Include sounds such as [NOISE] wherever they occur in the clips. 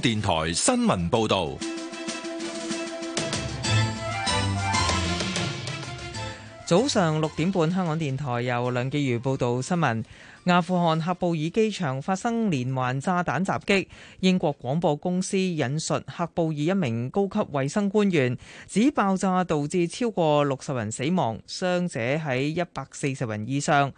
電台新聞報道：早上六點半，香港電台由梁潔如報道新聞。阿富汗喀布爾機場發生連環炸彈襲擊。英國廣播公司引述喀布爾一名高級衛生官員，指爆炸導致超過六十人死亡，傷者喺一百四十人以上。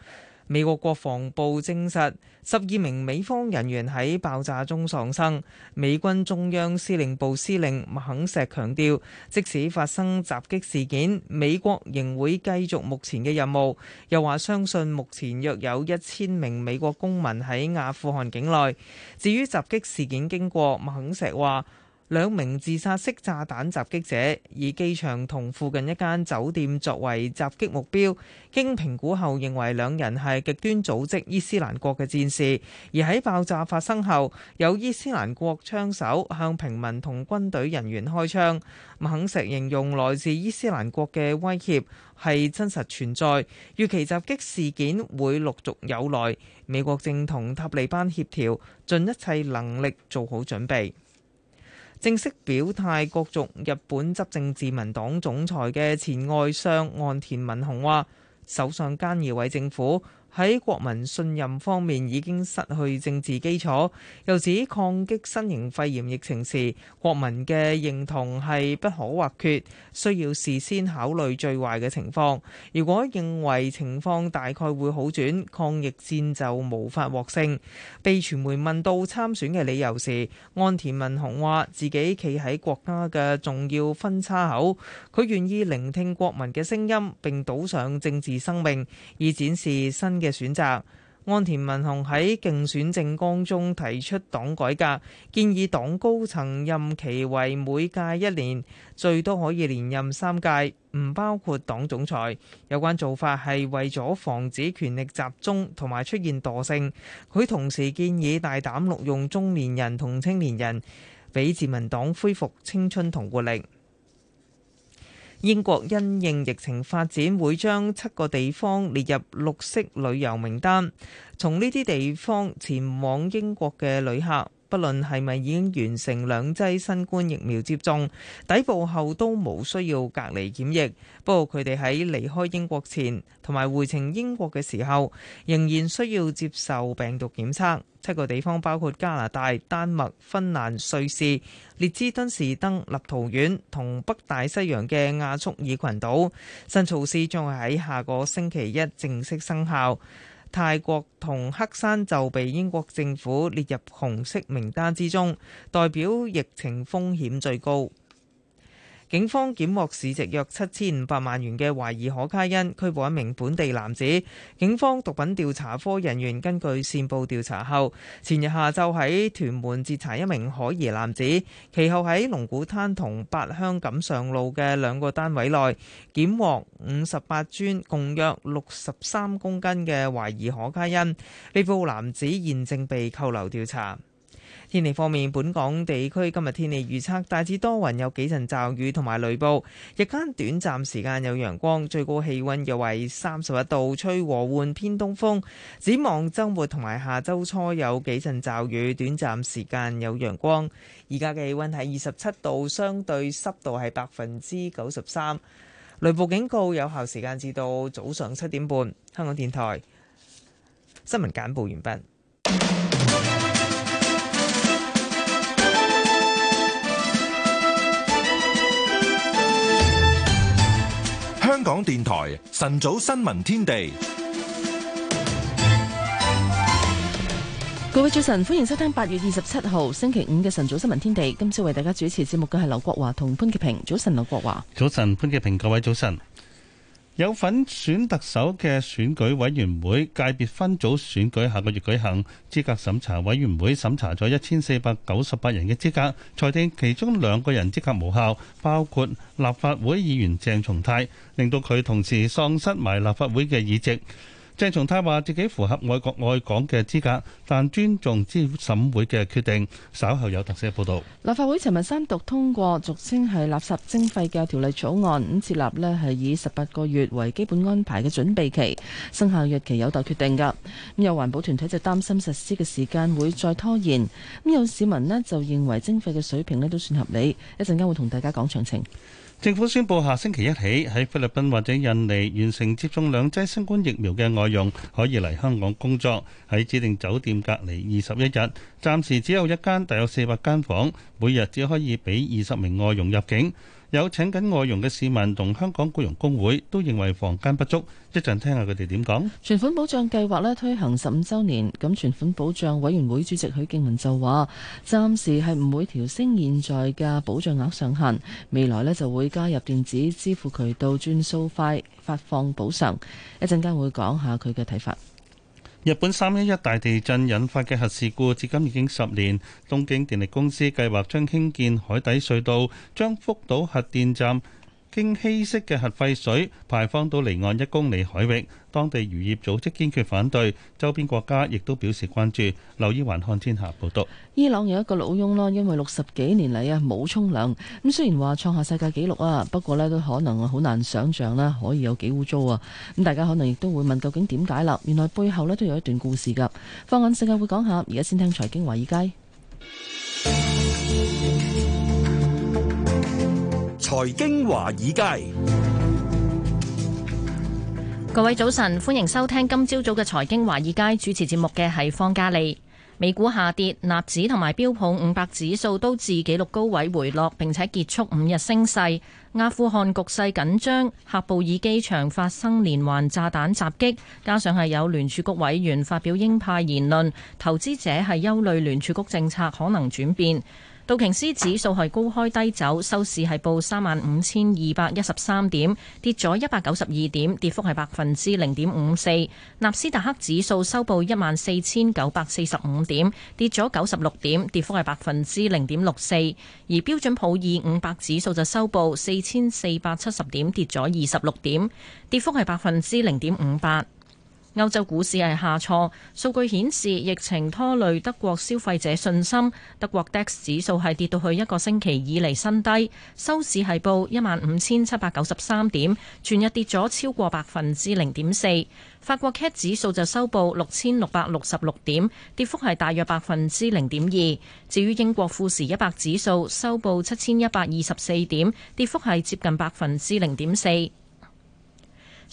美國國防部證實，十二名美方人員喺爆炸中喪生。美軍中央司令部司令麥肯錫強調，即使發生襲擊事件，美國仍會繼續目前嘅任務。又話相信目前約有一千名美國公民喺阿富汗境內。至於襲擊事件經過，麥肯錫話。兩名自殺式炸彈襲擊者以機場同附近一間酒店作為襲擊目標。經評估後認為兩人係極端組織伊斯蘭國嘅戰士。而喺爆炸發生後，有伊斯蘭國槍手向平民同軍隊人員開槍。肯石形容來自伊斯蘭國嘅威脅係真實存在，預期襲擊事件會陸續有來。美國正同塔利班協調，盡一切能力做好準備。正式表態角逐日本執政自民黨總裁嘅前外相岸田文雄話：首相菅義偉政府，喺國民信任方面已經失去政治基礎，又指抗擊新型肺炎疫情時，國民嘅認同係不可或缺，需要事先考慮最壞嘅情況。如果認為情況大概會好轉，抗疫戰就無法獲勝。被傳媒問到參選嘅理由時，岸田文雄話自己企喺國家嘅重要分叉口，佢願意聆聽國民嘅聲音，並賭上政治生命，以展示新。嘅選擇，安田文雄喺競選政綱中提出黨改革，建議黨高層任期為每屆一年，最多可以連任三屆，唔包括黨總裁。有關做法係為咗防止權力集中同埋出現惰性。佢同時建議大膽錄用中年人同青年人，俾自民黨恢復青春同活力。英國因應疫情發展，會將七個地方列入綠色旅遊名單，從呢啲地方前往英國嘅旅客，不論係咪已經完成兩劑新冠疫苗接種，抵埗後都冇需要隔離檢疫。不過佢哋喺離開英國前，同埋回程英國嘅時候，仍然需要接受病毒檢測。七個地方包括加拿大、丹麥、芬蘭、瑞士、列支敦士登、立陶宛同北大西洋嘅亞速爾群島。新措施將會喺下個星期一正式生效。泰國同黑山就被英國政府列入紅色名單之中，代表疫情風險最高。警方檢獲市值約七千五百萬元嘅懷疑可卡因，拘捕一名本地男子。警方毒品調查科人員根據線報調查後，前日下晝喺屯門截查一名可疑男子，其後喺龍鼓灘同八鄉錦上路嘅兩個單位內，檢獲五十八磚共約六十三公斤嘅懷疑可卡因，被捕男子現正被扣留調查。天氣方面，本港地區今日天氣預測大致多雲，有幾陣驟雨同埋雷暴，日間短暫時間有陽光，最高氣溫約為三十一度，吹和緩偏東風。展望周末同埋下周初有幾陣驟雨，短暫時間有陽光。而家嘅氣溫係二十七度，相對濕度係百分之九十三。雷暴警告有效時間至到早上七點半。香港電台新聞簡報完畢。港電台晨早新聞天地，各位早晨，歡迎收聽八月二十七號星期五嘅晨早新聞天地。今朝為大家主持節目嘅係劉國華同潘潔平。早晨，劉國華。早晨，潘潔平。各位早晨。有份選特首嘅選舉委員會界別分組選舉下個月舉行，資格審查委員會審查咗一千四百九十八人嘅資格，裁定其中兩個人資格無效，包括立法會議員鄭松泰，令到佢同時喪失埋立法會嘅議席。鄭松泰話自己符合愛國愛港嘅資格，但尊重資審會嘅決定，稍後有特寫報道。立法會尋日三讀通過俗稱係垃圾徵費嘅條例草案，咁設立呢係以十八個月為基本安排嘅準備期，生效日期有待決定嘅。咁有環保團體就擔心實施嘅時間會再拖延，咁有市民呢就認為徵費嘅水平呢都算合理，一陣間會同大家講詳情。政府宣布下星期一起，喺菲律賓或者印尼完成接種兩劑新冠疫苗嘅外傭，可以嚟香港工作，喺指定酒店隔離二十一日。暫時只有一間大約四百間房，每日只可以俾二十名外傭入境。有請緊外傭嘅市民同香港雇傭工會都認為房間不足，一陣聽下佢哋點講。存款保障計劃呢推行十五週年，咁存款保障委員會主席許敬文就話，暫時係唔會調升現在嘅保障額上限，未來呢就會加入電子支付渠道轉數快發放補償。一陣間會講下佢嘅睇法。日本三一一大地震引發嘅核事故，至今已經十年。東京電力公司計劃將興建海底隧道，將福島核電站，經稀釋嘅核廢水排放到離岸一公里海域，當地漁業組織堅決反對，周邊國家亦都表示關注。留意環看天下報道，伊朗有一個老翁啦，因為六十幾年嚟啊冇沖涼，咁雖然話創下世界紀錄啊，不過呢都可能好難想象啦，可以有幾污糟啊！咁大家可能亦都會問究竟點解啦？原來背後呢都有一段故事噶。放眼世界會講下，而家先聽財經華爾街。財經華爾街，各位早晨，歡迎收聽今朝早嘅財經華爾街，主持節目嘅係方嘉利。美股下跌，納指同埋標普五百指數都自紀錄高位回落，並且結束五日升勢。阿富汗局勢緊張，喀布爾機場發生連環炸彈襲擊，加上係有聯儲局委員發表鷹派言論，投資者係憂慮聯儲局政策可能轉變。道瓊斯指數係高開低走，收市係報三萬五千二百一十三點，跌咗一百九十二點，跌幅係百分之零點五四。納斯達克指數收報一萬四千九百四十五點，跌咗九十六點，跌幅係百分之零點六四。而標準普爾五百指數就收報四千四百七十點，跌咗二十六點，跌幅係百分之零點五八。歐洲股市係下挫，數據顯示疫情拖累德國消費者信心。德國 DAX 指數係跌到去一個星期以嚟新低，收市係報一萬五千七百九十三點，全日跌咗超過百分之零點四。法國 CAC 指數就收報六千六百六十六點，跌幅係大約百分之零點二。至於英國富時一百指數收報七千一百二十四點，跌幅係接近百分之零點四。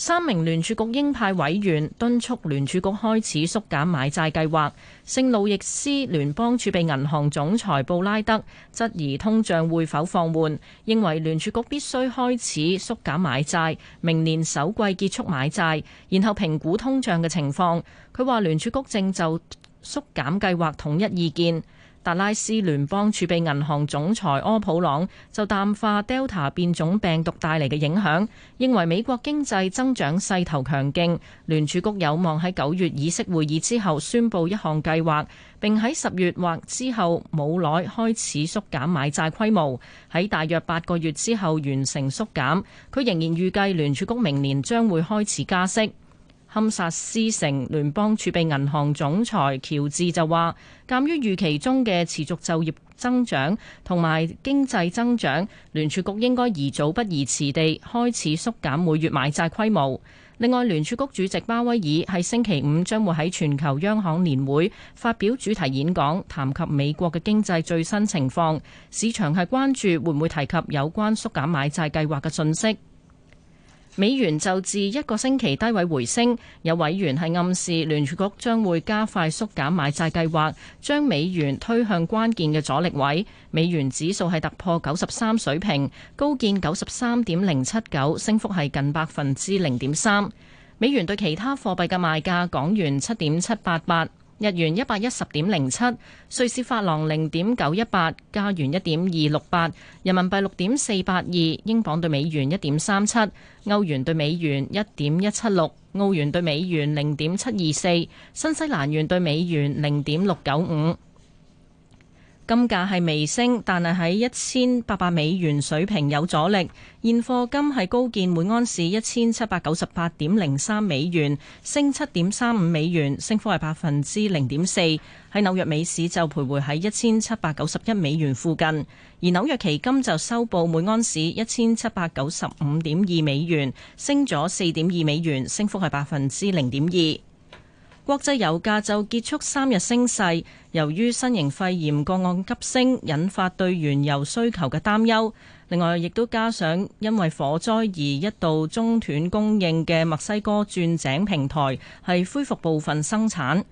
三名聯儲局鷹派委員敦促聯儲局開始縮減買債計劃。聖路易斯聯邦儲備銀行總裁布拉德質疑通脹會否放緩，認為聯儲局必須開始縮減買債，明年首季結束買債，然後評估通脹嘅情況。佢話聯儲局正就縮減計劃統一意見。達拉斯聯邦儲備銀行總裁柯普朗就淡化 Delta 變種病毒帶嚟嘅影響，認為美國經濟增長勢頭強勁，聯儲局有望喺九月議息會議之後宣佈一項計劃，並喺十月或之後冇耐開始縮減買債規模，喺大約八個月之後完成縮減。佢仍然預計聯儲局明年將會開始加息。堪薩斯城聯邦儲備銀行總裁喬治就話，鑑於預期中嘅持續就業增長同埋經濟增長，聯儲局應該宜早不宜遲地開始縮減每月買債規模。另外，聯儲局主席鮑威爾喺星期五將會喺全球央行年會發表主題演講，談及美國嘅經濟最新情況。市場係關注會唔會提及有關縮減買債計劃嘅訊息。美元就至一個星期低位回升，有委員係暗示聯儲局將會加快縮減買債計劃，將美元推向關鍵嘅阻力位。美元指數係突破九十三水平，高見九十三點零七九，升幅係近百分之零點三。美元對其他貨幣嘅賣價，港元七點七八八。日元一百一十點零七，瑞士法郎零點九一八，加元一點二六八，人民幣六點四八二，英鎊對美元一點三七，歐元對美元一點一七六，澳元對美元零點七二四，新西蘭元對美元零點六九五。金價係微升，但係喺一千八百美元水平有阻力。現貨金係高見每安士一千七百九十八點零三美元，升七點三五美元，升幅係百分之零點四。喺紐約美市就徘徊喺一千七百九十一美元附近，而紐約期金就收報每安士一千七百九十五點二美元，升咗四點二美元，升幅係百分之零點二。國際油價就結束三日升勢，由於新型肺炎個案急升，引發對原油需求嘅擔憂。另外，亦都加上因為火災而一度中斷供應嘅墨西哥鑽井平台係恢復部分生產。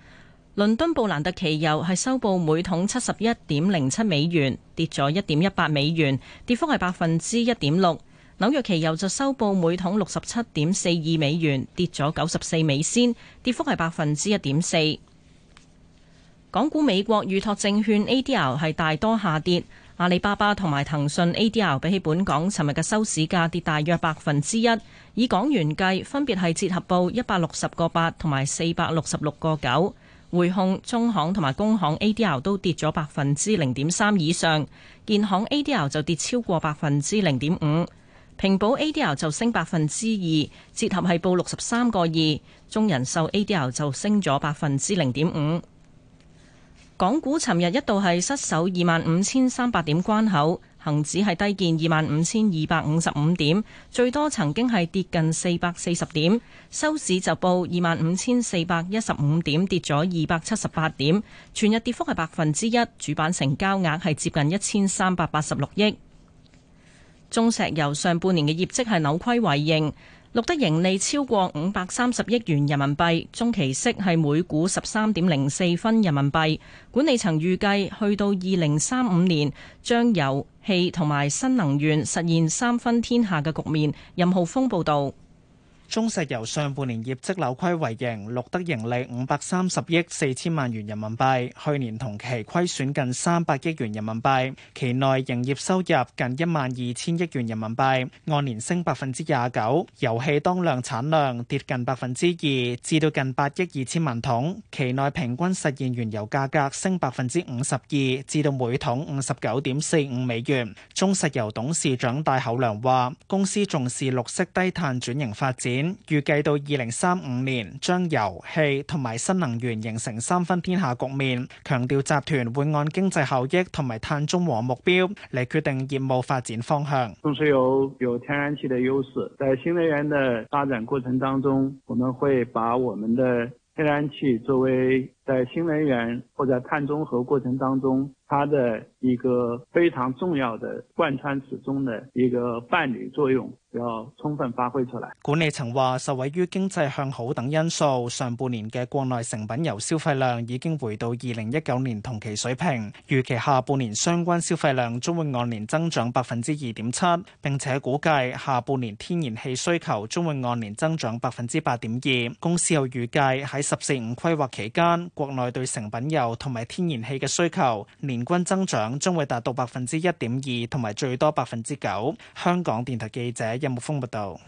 倫敦布蘭特期油係收報每桶七十一點零七美元，跌咗一點一八美元，跌幅係百分之一點六。紐約期油就收報每桶六十七點四二美元，跌咗九十四美仙，跌幅係百分之一點四。港股美國預託證券 ADR 係大多下跌，阿里巴巴同埋騰訊 ADR 比起本港尋日嘅收市價跌大約百分之一，以港元計分別係折合報一百六十個八同埋四百六十六個九。匯控、中行同埋工行 ADR 都跌咗百分之零點三以上，建行 ADR 就跌超過百分之零點五。平保 ADR 就升百分之二，折合係報六十三個二。中人壽 ADR 就升咗百分之零點五。港股尋日一度係失守二萬五千三百點關口，恒指係低見二萬五千二百五十五點，最多曾經係跌近四百四十點，收市就報二萬五千四百一十五點，跌咗二百七十八點，全日跌幅係百分之一。主板成交額係接近一千三百八十六億。中石油上半年嘅業績係扭虧為盈，錄得盈利超過五百三十億元人民幣，中期息係每股十三點零四分人民幣，管理層預計去到二零三五年，將油氣同埋新能源實現三分天下嘅局面。任浩峰報道。中石油上半年業績扭虧為盈，錄得盈利五百三十億四千萬元人民幣，去年同期虧損近三百億元人民幣，期內營業收入近一萬二千億元人民幣，按年升百分之廿九。油氣當量產量跌近百分之二，至到近八億二千萬桶。期內平均實現原油價格升百分之五十二，至到每桶五十九點四五美元。中石油董事長戴厚良話公司重視綠色低碳轉型發展。預計到二零三五年，將油氣同埋新能源形成三分天下局面。強調集團會按經濟效益同埋碳中和目標嚟決定業務發展方向。中石油有天然氣的優勢，在新能源的發展過程當中，我們會把我們的天然氣作為。在新能源或者碳中和過程當中，它的一個非常重要的貫穿始終的一個伴侶作用要充分發揮出來。管理層話，受惠於經濟向好等因素，上半年嘅國內成品油消費量已經回到二零一九年同期水平。預期下半年相關消費量將會按年增長百分之二點七，並且估計下半年天然氣需求將會按年增長百分之八點二。公司又預計喺十四五規劃期間。國內對成品油同埋天然氣嘅需求年均增長將會達到百分之一點二，同埋最多百分之九。香港電台記者任木峰報道。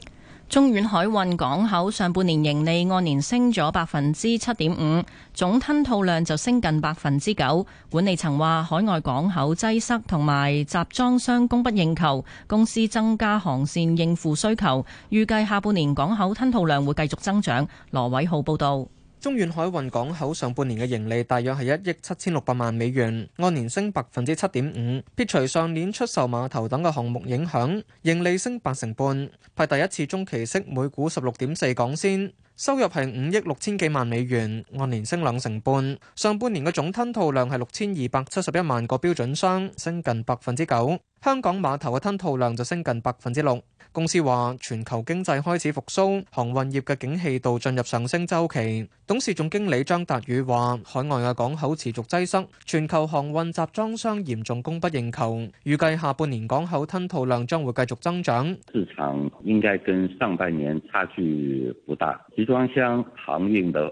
中遠海運港口上半年盈利按年升咗百分之七點五，總吞吐量就升近百分之九。管理層話，海外港口擠塞同埋集裝箱供不應求，公司增加航線應付需求，預計下半年港口吞吐量會繼續增長。羅偉浩報道。中遠海運港口上半年嘅盈利大約係一億七千六百萬美元，按年升百分之七點五。撇除上年出售碼頭等嘅項目影響，盈利升八成半，派第一次中期息每股十六點四港仙。收入係五億六千幾萬美元，按年升兩成半。上半年嘅總吞吐量係六千二百七十一萬個標準箱，升近百分之九。香港碼頭嘅吞吐量就升近百分之六。公司話全球經濟開始復蘇，航運業嘅景氣度進入上升週期。董事總經理張達宇話，海外嘅港口持續擠塞，全球航運集裝箱嚴重供不應求，預計下半年港口吞吐量將會繼續增長。市場應該跟上半年差距不大，集裝箱航運的。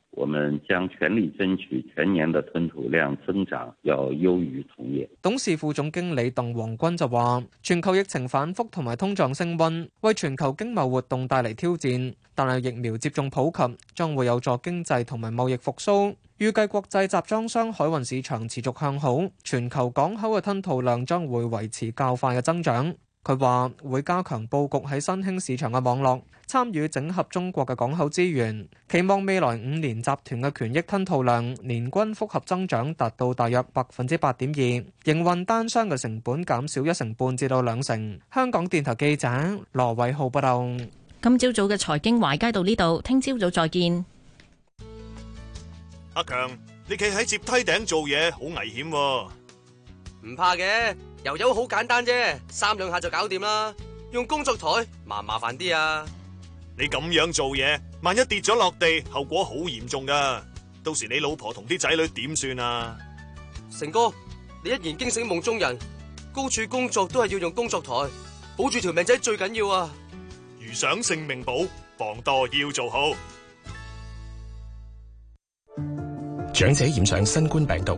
我們將全力爭取全年的吞吐量增長要優於同業。董事副總經理鄧皇軍就話，全球疫情反覆同埋通脹升温，為全球經貿活動帶嚟挑戰。但係疫苗接種普及，將會有助經濟同埋貿易復蘇。預計國際集裝箱海運市場持續向好，全球港口嘅吞吐量將會維持較快嘅增長。佢話會加強布局喺新興市場嘅網絡，參與整合中國嘅港口資源，期望未來五年集團嘅權益吞吐量年均複合增長達到大約百分之八點二，營運單箱嘅成本減少一成半至到兩成。香港電台記者羅偉浩報道。今朝早嘅財經懷街到呢度，聽朝早,早再見。阿強，你企喺接梯頂做嘢好危險啊。唔怕嘅，油油好簡單啫，三兩下就搞掂啦。用工作台麻唔麻煩啲啊？你咁樣做嘢，萬一跌咗落地，後果好嚴重噶。到時你老婆同啲仔女點算啊？成哥，你一言驚醒夢中人，高處工作都係要用工作台，保住條命仔最緊要啊。如想性命保，防墮要做好。長者染上新冠病毒，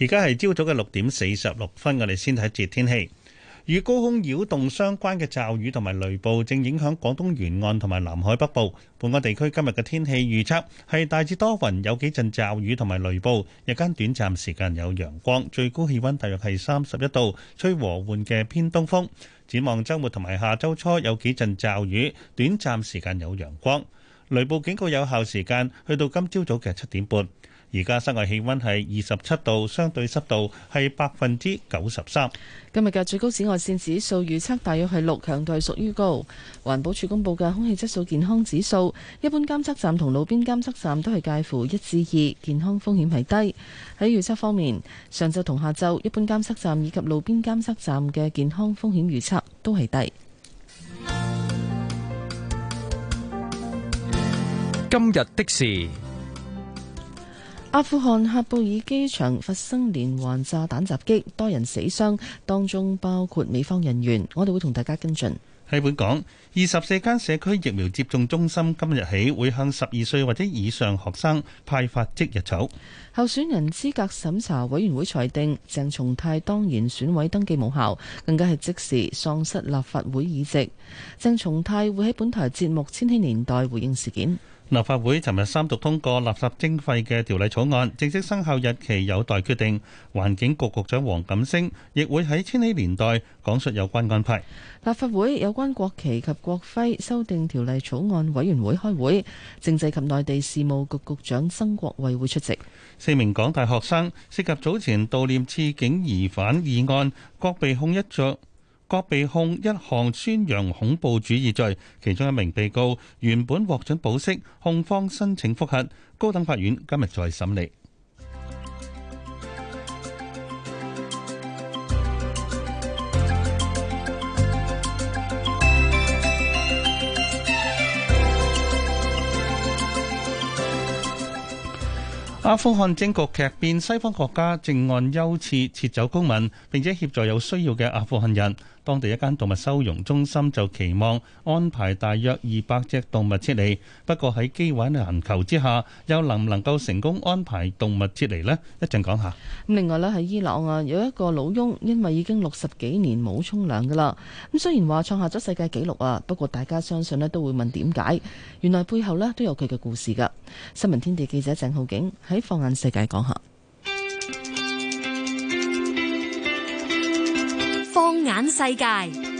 而家係朝早嘅六點四十六分，我哋先睇節天氣。與高空擾動相關嘅驟雨同埋雷暴正影響廣東沿岸同埋南海北部。本港地區今日嘅天氣預測係大致多雲，有幾陣驟雨同埋雷暴，日間短暫時間有陽光，最高氣溫大約係三十一度，吹和緩嘅偏東風。展望週末同埋下週初有幾陣驟雨，短暫時間有陽光，雷暴警告有效時間去到今朝早嘅七點半。而家室外氣溫係二十七度，相對濕度係百分之九十三。今日嘅最高紫外線指數預測，大約係六強度，屬於高。環保署公佈嘅空氣質素健康指數，一般監測站同路邊監測站都係介乎一至二，健康風險係低。喺預測方面，上晝同下晝一般監測站以及路邊監測站嘅健康風險預測都係低。今日的事。阿富汗喀布爾機場發生連環炸彈襲擊，多人死傷，當中包括美方人員，我哋會同大家跟進。喺本港，二十四間社區疫苗接種中心今日起會向十二歲或者以上學生派發即日籌。候選人資格審查委員會裁定鄭松泰當年選委登記無效，更加係即時喪失立法會議席。鄭松泰會喺本台節目《千禧年代》回應事件。立法會尋日三讀通過垃圾徵費嘅條例草案，正式生效日期有待決定。環境局局長黃錦星亦會喺千禧年代講述有關安排。立法會有關國旗及國徽修訂條例草案委員會開會，政制及內地事務局局長曾國衛會出席。四名港大學生涉及早前悼念刺警疑犯議案，各被控一罪。各被控一項宣揚恐怖主義罪，其中一名被告原本獲准保釋，控方申請覆核，高等法院今日再審理。阿富汗政局劇變，西方國家正按優次撤走公民，並且協助有需要嘅阿富汗人。當地一間動物收容中心就期望安排大約二百隻動物撤離，不過喺機位難求之下，又能唔能夠成功安排動物撤離呢？一陣講下。另外呢喺伊朗啊，有一個老翁因為已經六十幾年冇沖涼噶啦，咁雖然話創下咗世界紀錄啊，不過大家相信呢都會問點解？原來背後呢都有佢嘅故事噶。新聞天地記者鄭浩景喺放眼世界講下。放眼世界。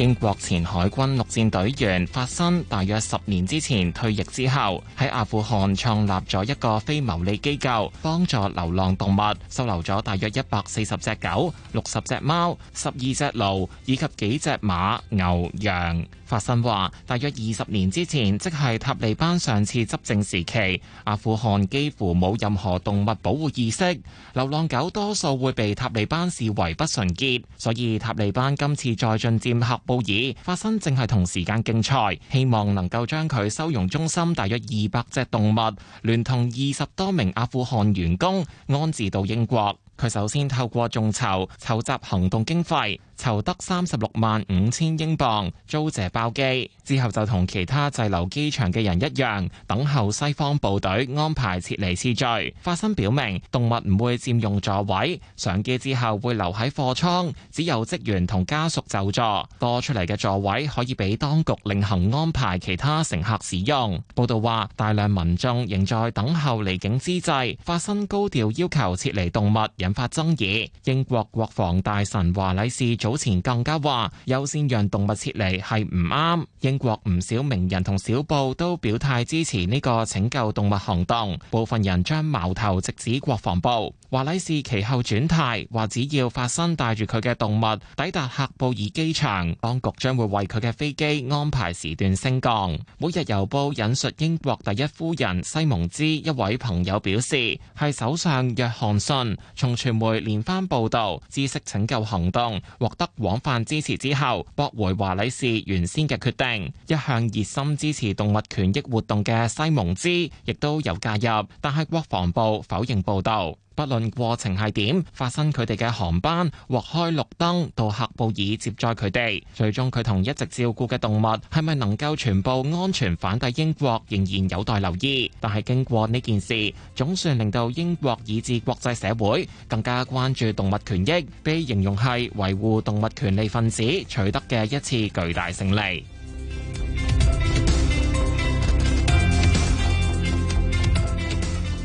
英國前海軍陸戰隊員法新大約十年之前退役之後，喺阿富汗創立咗一個非牟利機構，幫助流浪動物，收留咗大約一百四十隻狗、六十隻貓、十二隻鹿以及幾隻馬、牛、羊。法新話，大約二十年之前，即係塔利班上次執政時期，阿富汗幾乎冇任何動物保護意識，流浪狗多數會被塔利班視為不純潔，所以塔利班今次再進佔合。布爾發生正係同時間競賽，希望能夠將佢收容中心大約二百隻動物，聯同二十多名阿富汗員工安置到英國。佢首先透過眾籌籌集行動經費，籌得三十六萬五千英鎊，租借包機。之後就同其他滯留機場嘅人一樣，等候西方部隊安排撤離次序。發聲表明動物唔會佔用座位，上機之後會留喺貨艙，只有職員同家屬就座。多出嚟嘅座位可以俾當局另行安排其他乘客使用。報道話，大量民眾仍在等候離境之際，發聲高調要求撤離動物。引發爭議，英國國防大臣華禮士早前更加話優先讓動物撤離係唔啱。英國唔少名人同小報都表態支持呢個拯救動物行動，部分人將矛頭直指國防部。華禮士其後轉態，話只要法生帶住佢嘅動物抵達赫布爾機場，當局將會為佢嘅飛機安排時段升降。每日郵報引述英國第一夫人西蒙茲一位朋友表示，係首相約翰遜傳媒連番報道，知識拯救行動獲得廣泛支持之後，駁回華禮士原先嘅決定。一向熱心支持動物權益活動嘅西蒙茲亦都有介入，但係國防部否認報道。不論過程係點，發生佢哋嘅航班或開綠燈，到喀布爾接載佢哋，最終佢同一直照顧嘅動物係咪能夠全部安全返抵英國，仍然有待留意。但係經過呢件事，總算令到英國以至國際社會更加關注動物權益，被形容係維護動物權利分子取得嘅一次巨大勝利。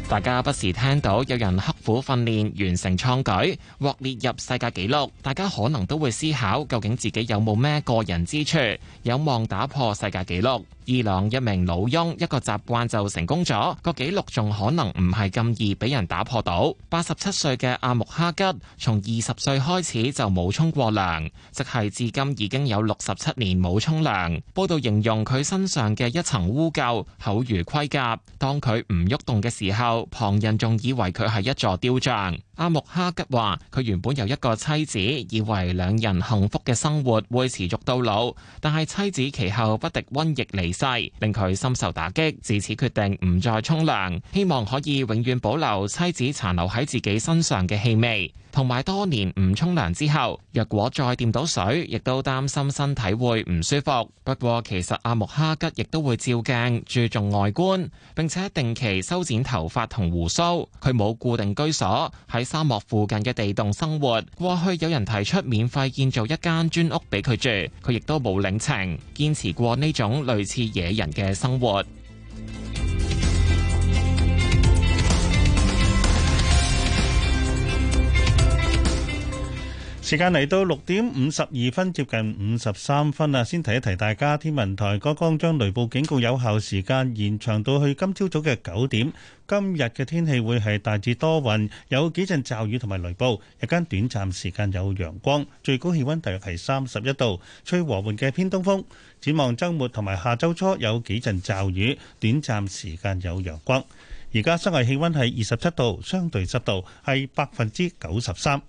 大家不時聽到有人刻苦訓練，完成創舉，獲列入世界紀錄，大家可能都會思考究竟自己有冇咩個人之處有望打破世界紀錄。伊朗一名老翁一個習慣就成功咗個紀錄，仲可能唔係咁易俾人打破到。八十七歲嘅阿木哈吉從二十歲開始就冇沖過涼，即係至今已經有六十七年冇沖涼。報道形容佢身上嘅一層污垢，口如盔甲。當佢唔喐動嘅時候，旁人仲以為佢係一座雕像。阿木哈吉話：佢原本有一個妻子，以為兩人幸福嘅生活會持續到老，但係妻子其後不敵瘟疫離世，令佢深受打擊，自此決定唔再沖涼，希望可以永遠保留妻子殘留喺自己身上嘅氣味。同埋多年唔沖涼之後，若果再掂到水，亦都擔心身體會唔舒服。不過其實阿木哈吉亦都會照鏡，注重外觀，並且定期修剪頭髮同鬍鬚。佢冇固定居所，喺沙漠附近嘅地洞生活，過去有人提出免費建造一間磚屋俾佢住，佢亦都冇領情，堅持過呢種類似野人嘅生活。時間嚟到六點五十二分，接近五十三分啦。先提一提大家，天文台剛剛將雷暴警告有效時間延長到去今朝早嘅九點。今日嘅天氣會係大致多雲，有幾陣驟雨同埋雷暴，日間短暫時間有陽光，最高氣溫大約係三十一度，吹和緩嘅偏東風。展望週末同埋下週初有幾陣驟雨，短暫時間有陽光。而家室外氣溫係二十七度，相對濕度係百分之九十三。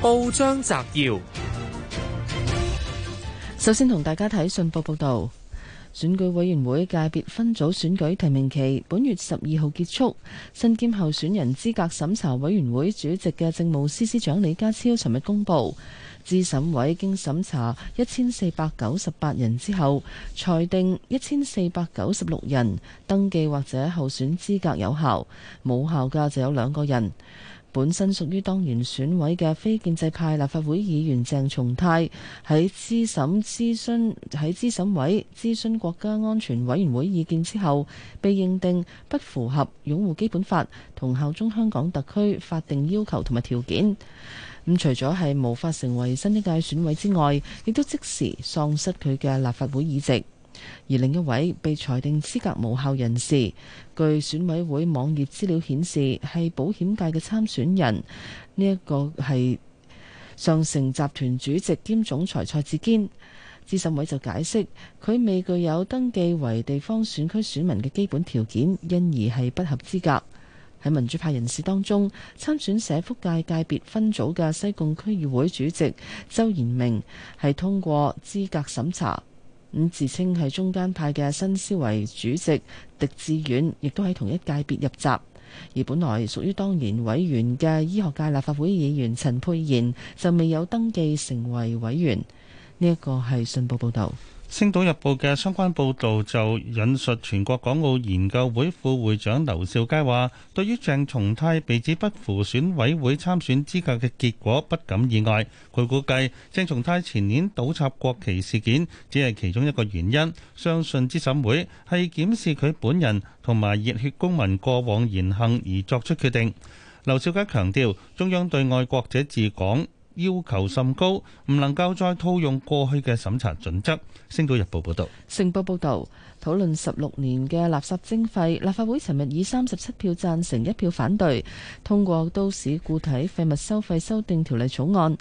報章摘要：首先同大家睇信報報道，選舉委員會界別分組選舉提名期本月十二號結束，身兼候選人資格審查委員會主席嘅政務司司長李家超，尋日公布，資審委經審查一千四百九十八人之後，裁定一千四百九十六人登記或者候選資格有效，無效嘅就有兩個人。本身屬於當年選委嘅非建制派立法會議員鄭松泰，喺資審諮詢喺資審委諮詢國家安全委員會意見之後，被認定不符合擁護基本法同效忠香港特區法定要求同埋條件。咁除咗係無法成為新一屆選委之外，亦都即時喪失佢嘅立法會議席。而另一位被裁定資格無效人士。據選委會網頁資料顯示，係保險界嘅參選人，呢、這、一個係上城集團主席兼總裁蔡志堅。資審委就解釋，佢未具有登記為地方選區選民嘅基本條件，因而係不合資格。喺民主派人士當中，參選社福界界別分組嘅西貢區議會主席周延明係通過資格審查。咁自稱係中間派嘅新思維主席狄志遠，亦都喺同一界別入閘，而本來屬於當然委員嘅醫學界立法會議員陳沛然就未有登記成為委員。呢一個係信報報道。《星島日報》嘅相關報導就引述全國港澳研究會副會長劉兆佳話，對於鄭松泰被指不符選委會參選資格嘅結果，不感意外。佢估計鄭松泰前年倒插國旗事件只係其中一個原因，相信資審會係檢視佢本人同埋熱血公民過往言行而作出決定。劉兆佳強調，中央對愛國者治港要求甚高，唔能夠再套用過去嘅審查準則。星島日報報導，星報報導討論十六年嘅垃圾徵費，立法會尋日以三十七票贊成一票反對通過《都市固體廢物收費修訂條例草案》，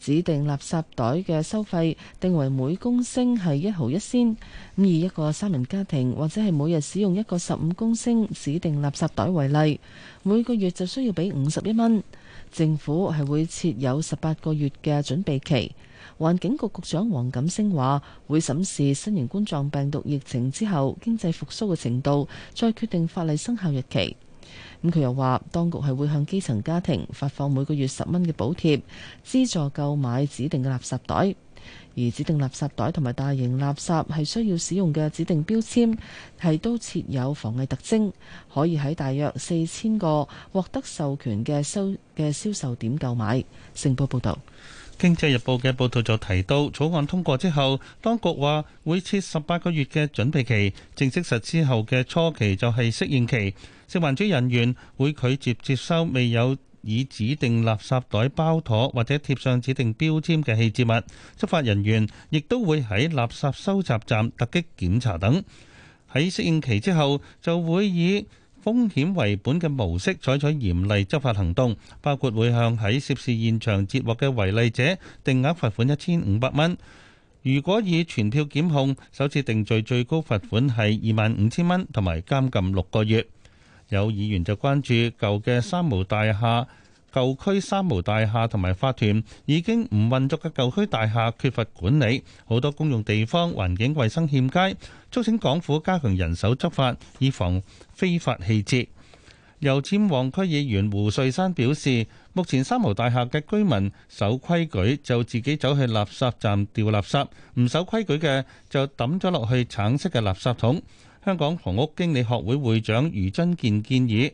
指定垃圾袋嘅收費定為每公升係一毫一仙。咁以一個三人家庭或者係每日使用一個十五公升指定垃圾袋為例，每個月就需要俾五十一蚊。政府係會設有十八個月嘅準備期。環境局局長黃錦星話：會審視新型冠狀病毒疫情之後經濟復甦嘅程度，再決定法例生效日期。咁佢又話，當局係會向基層家庭發放每個月十蚊嘅補貼，資助購買指定嘅垃圾袋。而指定垃圾袋同埋大型垃圾係需要使用嘅指定標籤，係都設有防偽特徵，可以喺大約四千個獲得授權嘅收嘅銷售點購買。成報報導，《經濟日報》嘅報導就提到，草案通過之後，當局話會設十八個月嘅準備期，正式實施後嘅初期就係適應期，食環署人員會拒絕接收未有，以指定垃圾袋包妥或者貼上指定標籤嘅棄置物，執法人員亦都會喺垃圾收集站突擊檢查等。喺適應期之後，就會以風險為本嘅模式採取嚴厲執法行動，包括會向喺涉事現場截獲嘅違例者定額罰款一千五百蚊。如果以全票檢控，首次定罪最高罰款係二萬五千蚊，同埋監禁六個月。有議員就關注舊嘅三毛大廈、舊區三毛大廈同埋法團已經唔運作嘅舊區大廈缺乏管理，好多公用地方環境衛生欠佳，促請港府加強人手執法，以防非法棄置。由尖旺區議員胡瑞山表示，目前三毛大廈嘅居民守規矩，就自己走去垃圾站掉垃圾；唔守規矩嘅就抌咗落去橙色嘅垃圾桶。香港房屋經理學會會長余真建建議，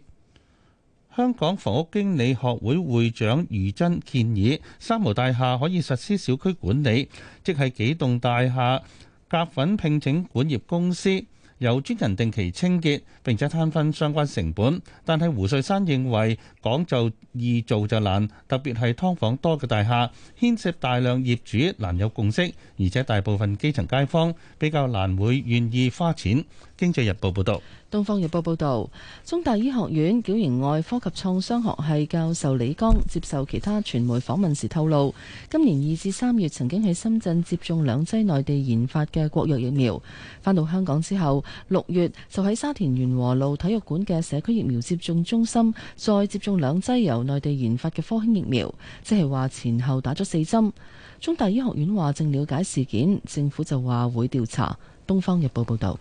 香港房屋經理學會會長余真建議，三無大廈可以實施小區管理，即係幾棟大廈夾份聘請管業公司，由專人定期清潔並且攤分相關成本。但係胡瑞山認為，講就易做就難，特別係劏房多嘅大廈，牽涉大量業主難有共識，而且大部分基層街坊比較難會願意花錢。經濟日報報道。東方日報報道，中大醫學院矯形外科及創傷學系教授李剛接受其他傳媒訪問時透露，今年二至三月曾經喺深圳接種兩劑內地研發嘅國藥疫苗，返到香港之後，六月就喺沙田源禾路體育館嘅社區疫苗接種中心再接種兩劑由內地研發嘅科興疫苗，即係話前後打咗四針。中大醫學院話正了解事件，政府就話會調查。東方日報報道。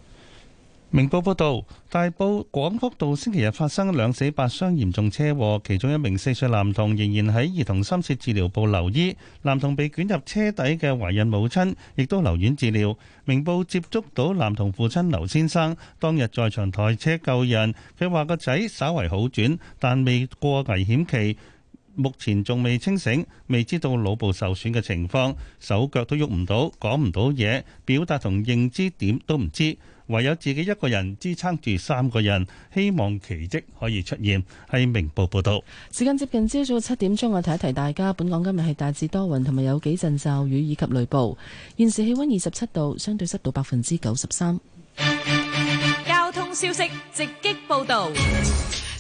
明報報道，大埔廣福道星期日發生兩死八傷嚴重車禍，其中一名四歲男童仍然喺兒童深切治療部留醫。男童被捲入車底嘅懷孕母親亦都留院治療。明報接觸到男童父親劉先生，當日在場抬車救人。佢話個仔稍為好轉，但未過危險期，目前仲未清醒，未知道腦部受損嘅情況，手腳都喐唔到，講唔到嘢，表達同認知點都唔知。唯有自己一個人支撐住三個人，希望奇蹟可以出現。係明報報道。時間接近朝早七點鐘，我提一提大家，本港今日係大致多雲，同埋有幾陣驟雨以及雷暴。現時氣溫二十七度，相對濕度百分之九十三。交通消息直擊報道。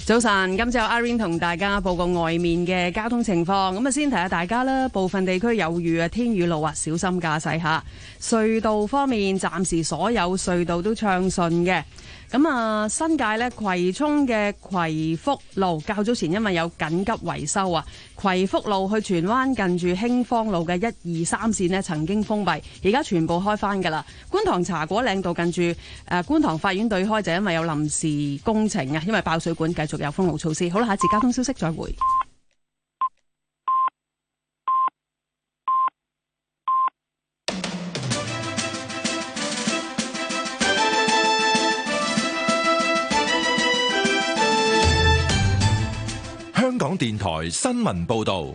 早晨，今朝阿 Rain 同大家報告外面嘅交通情況。咁啊，先提下大家啦，部分地區有雨啊，天雨路滑，小心駕駛吓。隧道方面，暫時所有隧道都暢順嘅。咁啊，新界咧葵涌嘅葵福路，較早前因為有緊急維修啊，葵福路去荃灣近住興芳路嘅一二三線呢曾經封閉，而家全部開翻噶啦。觀塘茶果嶺道近住誒、呃、觀塘法院對開，就因為有臨時工程啊，因為爆水管，繼續有封路措施。好啦，下次交通消息再會。香港電台新聞報道：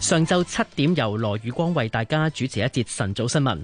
上晝七點，由羅宇光為大家主持一節晨早新聞。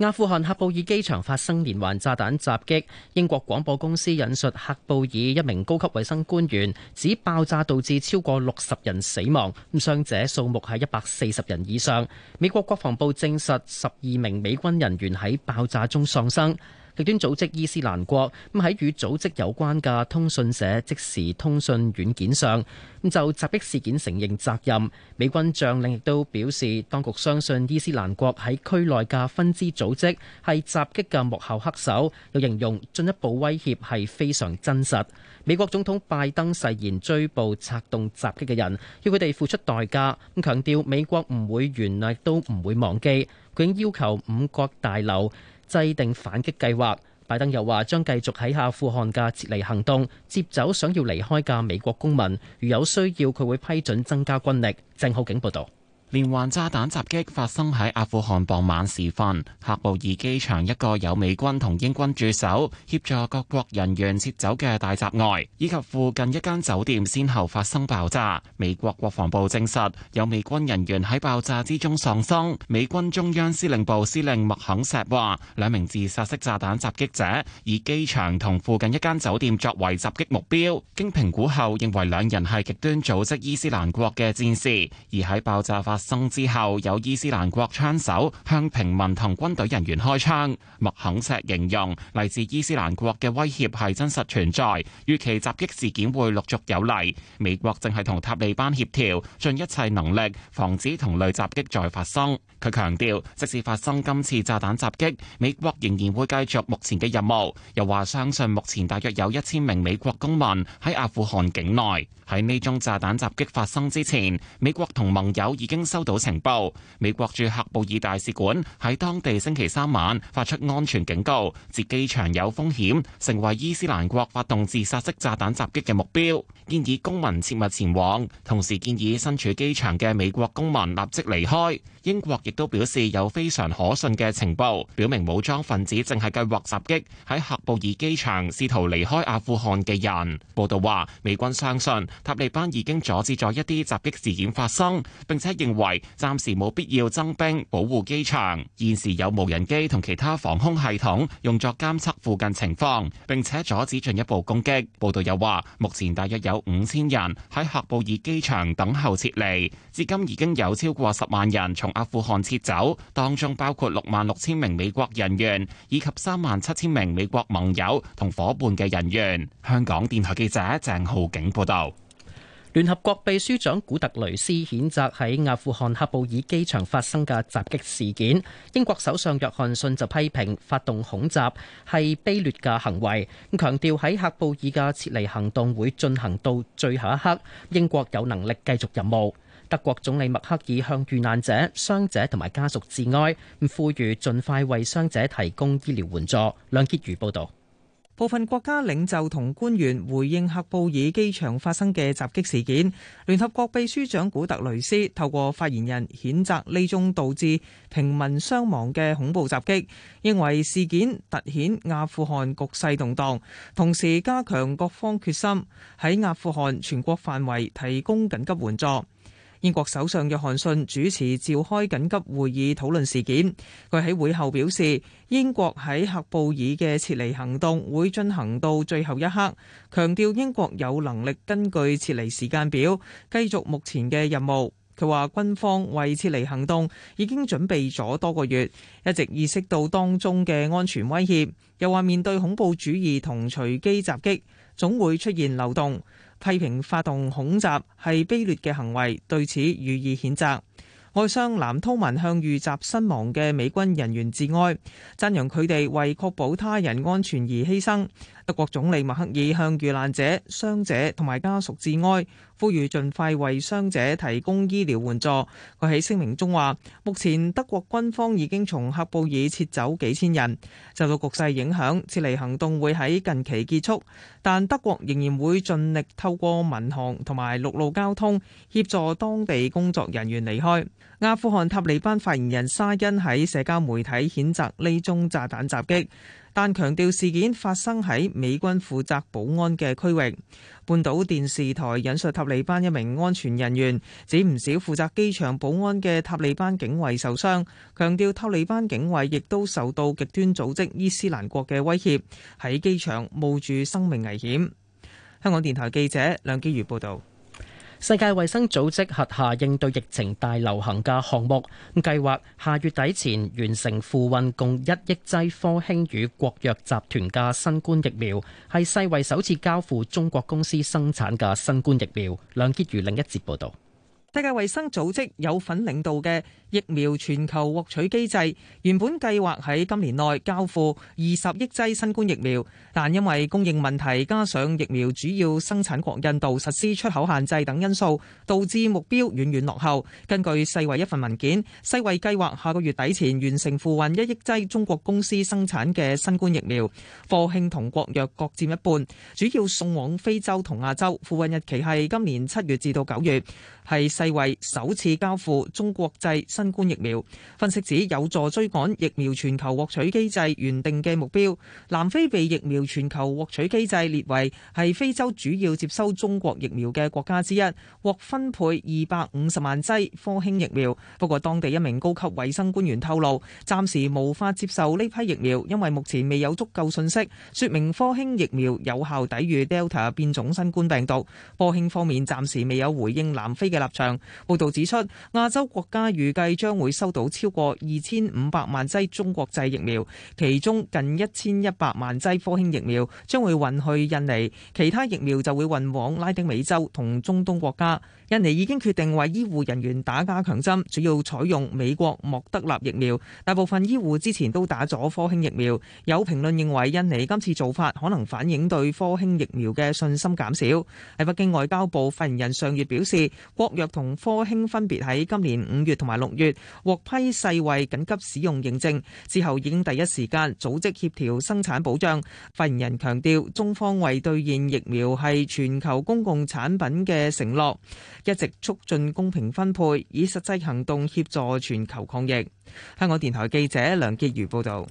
阿富汗喀布爾機場發生連環炸彈襲擊，英國廣播公司引述喀布爾一名高級衛生官員指，爆炸導致超過六十人死亡，傷者數目係一百四十人以上。美國國防部證實，十二名美軍人員喺爆炸中喪生。極端組織伊斯蘭國，咁喺與組織有關嘅通訊社即時通訊軟件上，咁就襲擊事件承認責任。美軍將領亦都表示，當局相信伊斯蘭國喺區內嘅分支組織係襲擊嘅幕後黑手，又形容進一步威脅係非常真實。美國總統拜登誓言追捕策動襲擊嘅人，要佢哋付出代價。咁強調美國唔會原諒，都唔會忘記。佢已經要求五角大樓。制定反擊計劃，拜登又話將繼續喺阿富汗嘅撤離行動，接走想要離開嘅美國公民。如有需要，佢會批准增加軍力。鄭浩景報導。連環炸彈襲擊發生喺阿富汗傍晚時分，喀布爾機場一個有美軍同英軍駐守、協助各國人員撤走嘅大閘外，以及附近一間酒店先後發生爆炸。美國國防部證實，有美軍人員喺爆炸之中喪生。美軍中央司令部司令麥肯錫話：兩名自殺式炸彈襲擊者以機場同附近一間酒店作為襲擊目標，經評估後認為兩人係極端組織伊斯蘭國嘅戰士，而喺爆炸發生生之後有伊斯蘭國槍手向平民同軍隊人員開槍。麥肯石形容嚟自伊斯蘭國嘅威脅係真實存在，預期襲擊事件會陸續有嚟。美國正係同塔利班協調，盡一切能力防止同類襲擊再發生。佢強調，即使發生今次炸彈襲擊，美國仍然會繼續目前嘅任務。又話相信目前大約有一千名美國公民喺阿富汗境內。喺呢宗炸彈襲擊發生之前，美國同盟友已經，收到情報，美國駐喀布爾大使館喺當地星期三晚發出安全警告，指機場有風險成為伊斯蘭國發動自殺式炸彈襲擊嘅目標，建議公民切勿前往，同時建議身處機場嘅美國公民立即離開。英國亦都表示有非常可信嘅情報，表明武裝分子正係計劃襲擊喺喀布爾機場試圖離開阿富汗嘅人。報道話，美軍相信塔利班已經阻止咗一啲襲擊事件發生，並且認為暫時冇必要增兵保護機場。現時有無人機同其他防空系統用作監測附近情況，並且阻止進一步攻擊。報道又話，目前大約有五千人喺喀布爾機場等候撤離，至今已經有超過十萬人從阿富汗撤走，當中包括六萬六千名美國人員，以及三萬七千名美國盟友同夥伴嘅人員。香港電台記者鄭浩景報道。聯合國秘書長古特雷斯譴責喺阿富汗喀布爾機場發生嘅襲擊事件。英國首相約翰遜就批評發動恐襲係卑劣嘅行為，強調喺喀布爾嘅撤離行動會進行到最後一刻，英國有能力繼續任務。德國總理默克爾向遇難者、傷者同埋家屬致哀，呼籲盡快為傷者提供醫療援助。梁潔如報道，部分國家領袖同官員回應，喀布爾機場發生嘅襲擊事件。聯合國秘書長古特雷斯透過發言人譴責呢宗導致平民傷亡嘅恐怖襲擊，認為事件凸顯阿富汗局勢動盪，同時加強各方決心喺阿富汗全國範圍提供緊急援助。英國首相約翰遜主持召開緊急會議討論事件。佢喺會後表示，英國喺喀布爾嘅撤離行動會進行到最後一刻，強調英國有能力根據撤離時間表繼續目前嘅任務。佢話軍方為撤離行動已經準備咗多個月，一直意識到當中嘅安全威脅。又話面對恐怖主義同隨機襲擊，總會出現漏洞。批評發動恐襲係卑劣嘅行為，對此予以譴責。外相藍韜文向遇襲身亡嘅美軍人員致哀，讚揚佢哋為確保他人安全而犧牲。德國總理默克爾向遇難者、傷者同埋家屬致哀。呼籲盡快為傷者提供醫療援助。佢喺聲明中話，目前德國軍方已經從喀布爾撤走幾千人，受到局勢影響，撤離行動會喺近期結束，但德國仍然會盡力透過民航同埋陸路交通協助當地工作人員離開。阿富汗塔利班發言人沙因喺社交媒體譴責呢宗炸彈襲擊，但強調事件發生喺美軍負責保安嘅區域。半島電視台引述塔利班一名安全人員指，唔少負責機場保安嘅塔利班警衛受傷。強調塔利班警衛亦都受到極端組織伊斯蘭國嘅威脅，喺機場冒住生命危險。香港電台記者梁基如報導。世界衛生組織轄下應對疫情大流行嘅項目計劃，下月底前完成付運共一億劑科興與國藥集團嘅新冠疫苗，係世衛首次交付中國公司生產嘅新冠疫苗。梁潔如另一節報道。世界衛生組織有份領導嘅疫苗全球獲取機制，原本計劃喺今年內交付二十億劑新冠疫苗，但因為供應問題，加上疫苗主要生產國印度實施出口限制等因素，導致目標遠遠落後。根據世衛一份文件，世衛計劃下個月底前完成付運一億劑中國公司生產嘅新冠疫苗，科興同國藥各佔一半，主要送往非洲同亞洲。付運日期係今年七月至到九月。係世衛首次交付中國製新冠疫苗。分析指有助追趕疫苗全球獲取機制原定嘅目標。南非被疫苗全球獲取機制列為係非洲主要接收中國疫苗嘅國家之一，獲分配二百五十萬劑科興疫苗。不過，當地一名高級衛生官員透露，暫時無法接受呢批疫苗，因為目前未有足夠信息說明科興疫苗有效抵禦 Delta 變種新冠病毒。科興方面暫時未有回應南非嘅立場，報道指出，亞洲國家預計將會收到超過二千五百萬劑中國製疫苗，其中近一千一百萬劑科興疫苗將會運去印尼，其他疫苗就會運往拉丁美洲同中東國家。印尼已經決定為醫護人員打加強針，主要採用美國莫德納疫苗，大部分醫護之前都打咗科興疫苗。有評論認為，印尼今次做法可能反映對科興疫苗嘅信心減少。喺北京外交部發言人上月表示。國藥同科興分別喺今年五月同埋六月獲批世衛緊急使用認證，之後已經第一時間組織協調生產保障。發言人強調，中方為兌現疫苗係全球公共產品嘅承諾，一直促進公平分配，以實際行動協助全球抗疫。香港電台記者梁潔如報道。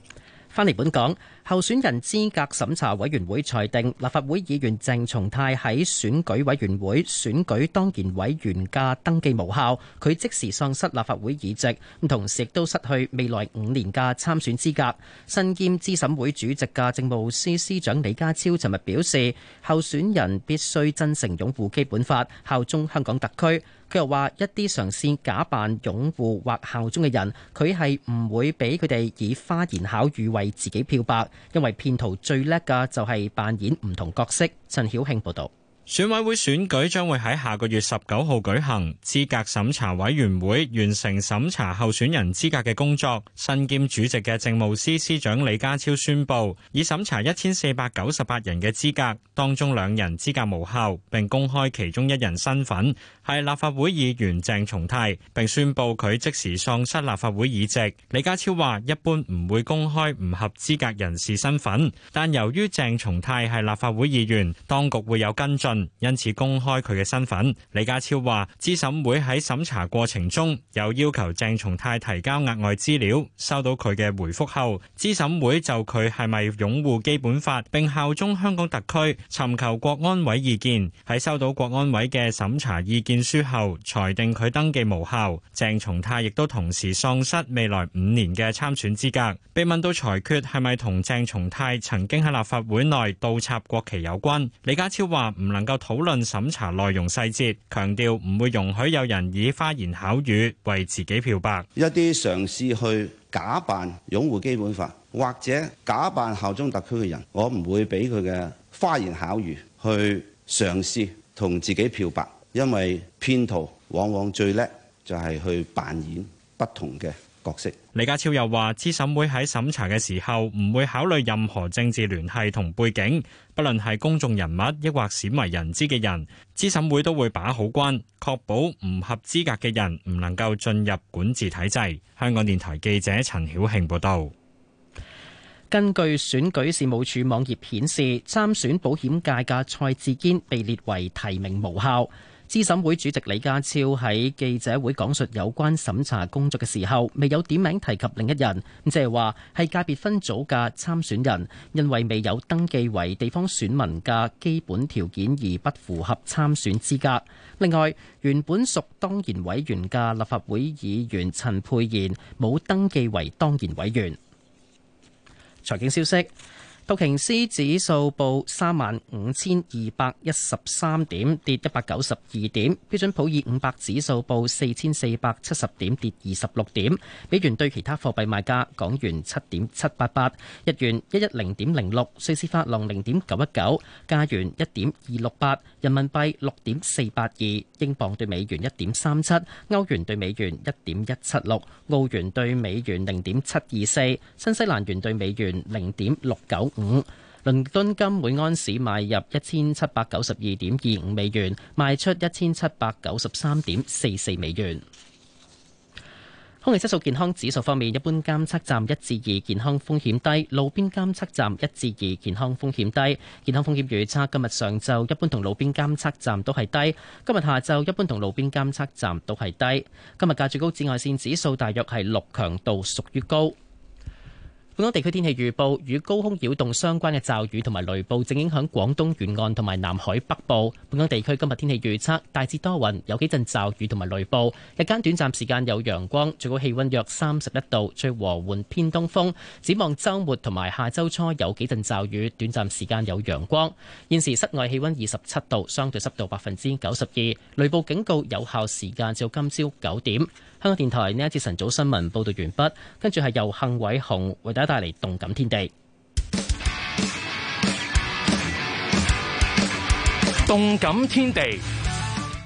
翻嚟本港。候選人資格審查委員會裁定，立法會議員鄭松泰喺選舉委員會選舉當然委員嘅登記無效，佢即時喪失立法會議席，同時亦都失去未來五年嘅參選資格。身兼資審會主席嘅政務司司長李家超尋日表示，候選人必須真誠擁護基本法、效忠香港特區。佢又話，一啲嘗試假扮擁護或效忠嘅人，佢係唔會俾佢哋以花言巧語為自己漂白。因為騙徒最叻嘅就係扮演唔同角色。陳曉慶報道，選委會選舉將會喺下個月十九號舉行，資格審查委員會完成審查候選人資格嘅工作。身兼主席嘅政務司司長李家超宣布，已審查一千四百九十八人嘅資格，當中兩人資格無效，並公開其中一人身份。係立法會議員鄭松泰，並宣布佢即時喪失立法會議席。李家超話：一般唔會公開唔合資格人士身份，但由於鄭松泰係立法會議員，當局會有跟進，因此公開佢嘅身份。李家超話：資審會喺審查過程中有要求鄭松泰提交額外資料，收到佢嘅回覆後，資審會就佢係咪擁護基本法並效忠香港特區，尋求國安委意見。喺收到國安委嘅審查意見。見書後裁定佢登記無效，鄭松泰亦都同時喪失未來五年嘅參選資格。被問到裁決係咪同鄭松泰曾經喺立法會內倒插國旗有關，李家超話唔能夠討論審查內容細節，強調唔會容許有人以花言巧語為自己漂白。一啲嘗試去假扮擁護基本法，或者假扮效忠特區嘅人，我唔會俾佢嘅花言巧語去嘗試同自己漂白。因為騙徒往往最叻就係去扮演不同嘅角色。李家超又話，資審會喺審查嘅時候唔會考慮任何政治聯繫同背景，不論係公眾人物，抑或鮮為人知嘅人，資審會都會把好關，確保唔合資格嘅人唔能夠進入管治體制。香港電台記者陳曉慶報道。根據選舉事務處網頁顯示，參選保險界嘅蔡志堅被列為提名無效。資審會主席李家超喺記者會講述有關審查工作嘅時候，未有點名提及另一人，咁即係話係界別分組嘅參選人，因為未有登記為地方選民嘅基本條件而不符合參選資格。另外，原本屬當然委員嘅立法會議員陳沛然冇登記為當然委員。財經消息。道瓊斯指數報三萬五千二百一十三點，跌一百九十二點。標準普爾五百指數報四千四百七十點，跌二十六點。美元對其他貨幣賣價：港元七點七八八，日元一一零點零六，瑞士法郎零點九一九，加元一點二六八，人民幣六點四八二，英鎊對美元一點三七，歐元對美元一點一七六，澳元對美元零點七二四，新西蘭元對美元零點六九。五倫敦金每安士買入一千七百九十二點二五美元，賣出一千七百九十三點四四美元。空氣質素健康指數方面，一般監測站一至二，健康風險低；路邊監測站一至二，健康風險低。健康風險預測今日上晝一般同路邊監測站都係低，今日下晝一般同路邊監測站都係低。今日嘅最高紫外線指數大約係六，強度屬於高。本港地區天氣預報與高空擾動相關嘅驟雨同埋雷暴正影響廣東沿岸同埋南海北部。本港地區今日天氣預測大致多雲，有幾陣驟雨同埋雷暴，日間短暫時間有陽光，最高氣温約三十一度，吹和緩偏東風。展望周末同埋下周初有幾陣驟雨，短暫時間有陽光。現時室外氣温二十七度，相對濕度百分之九十二，雷暴警告有效時間至今朝九點。香港電台呢一節晨早新聞報道完畢，跟住係由幸偉雄為大家帶嚟動感天地。動感天地，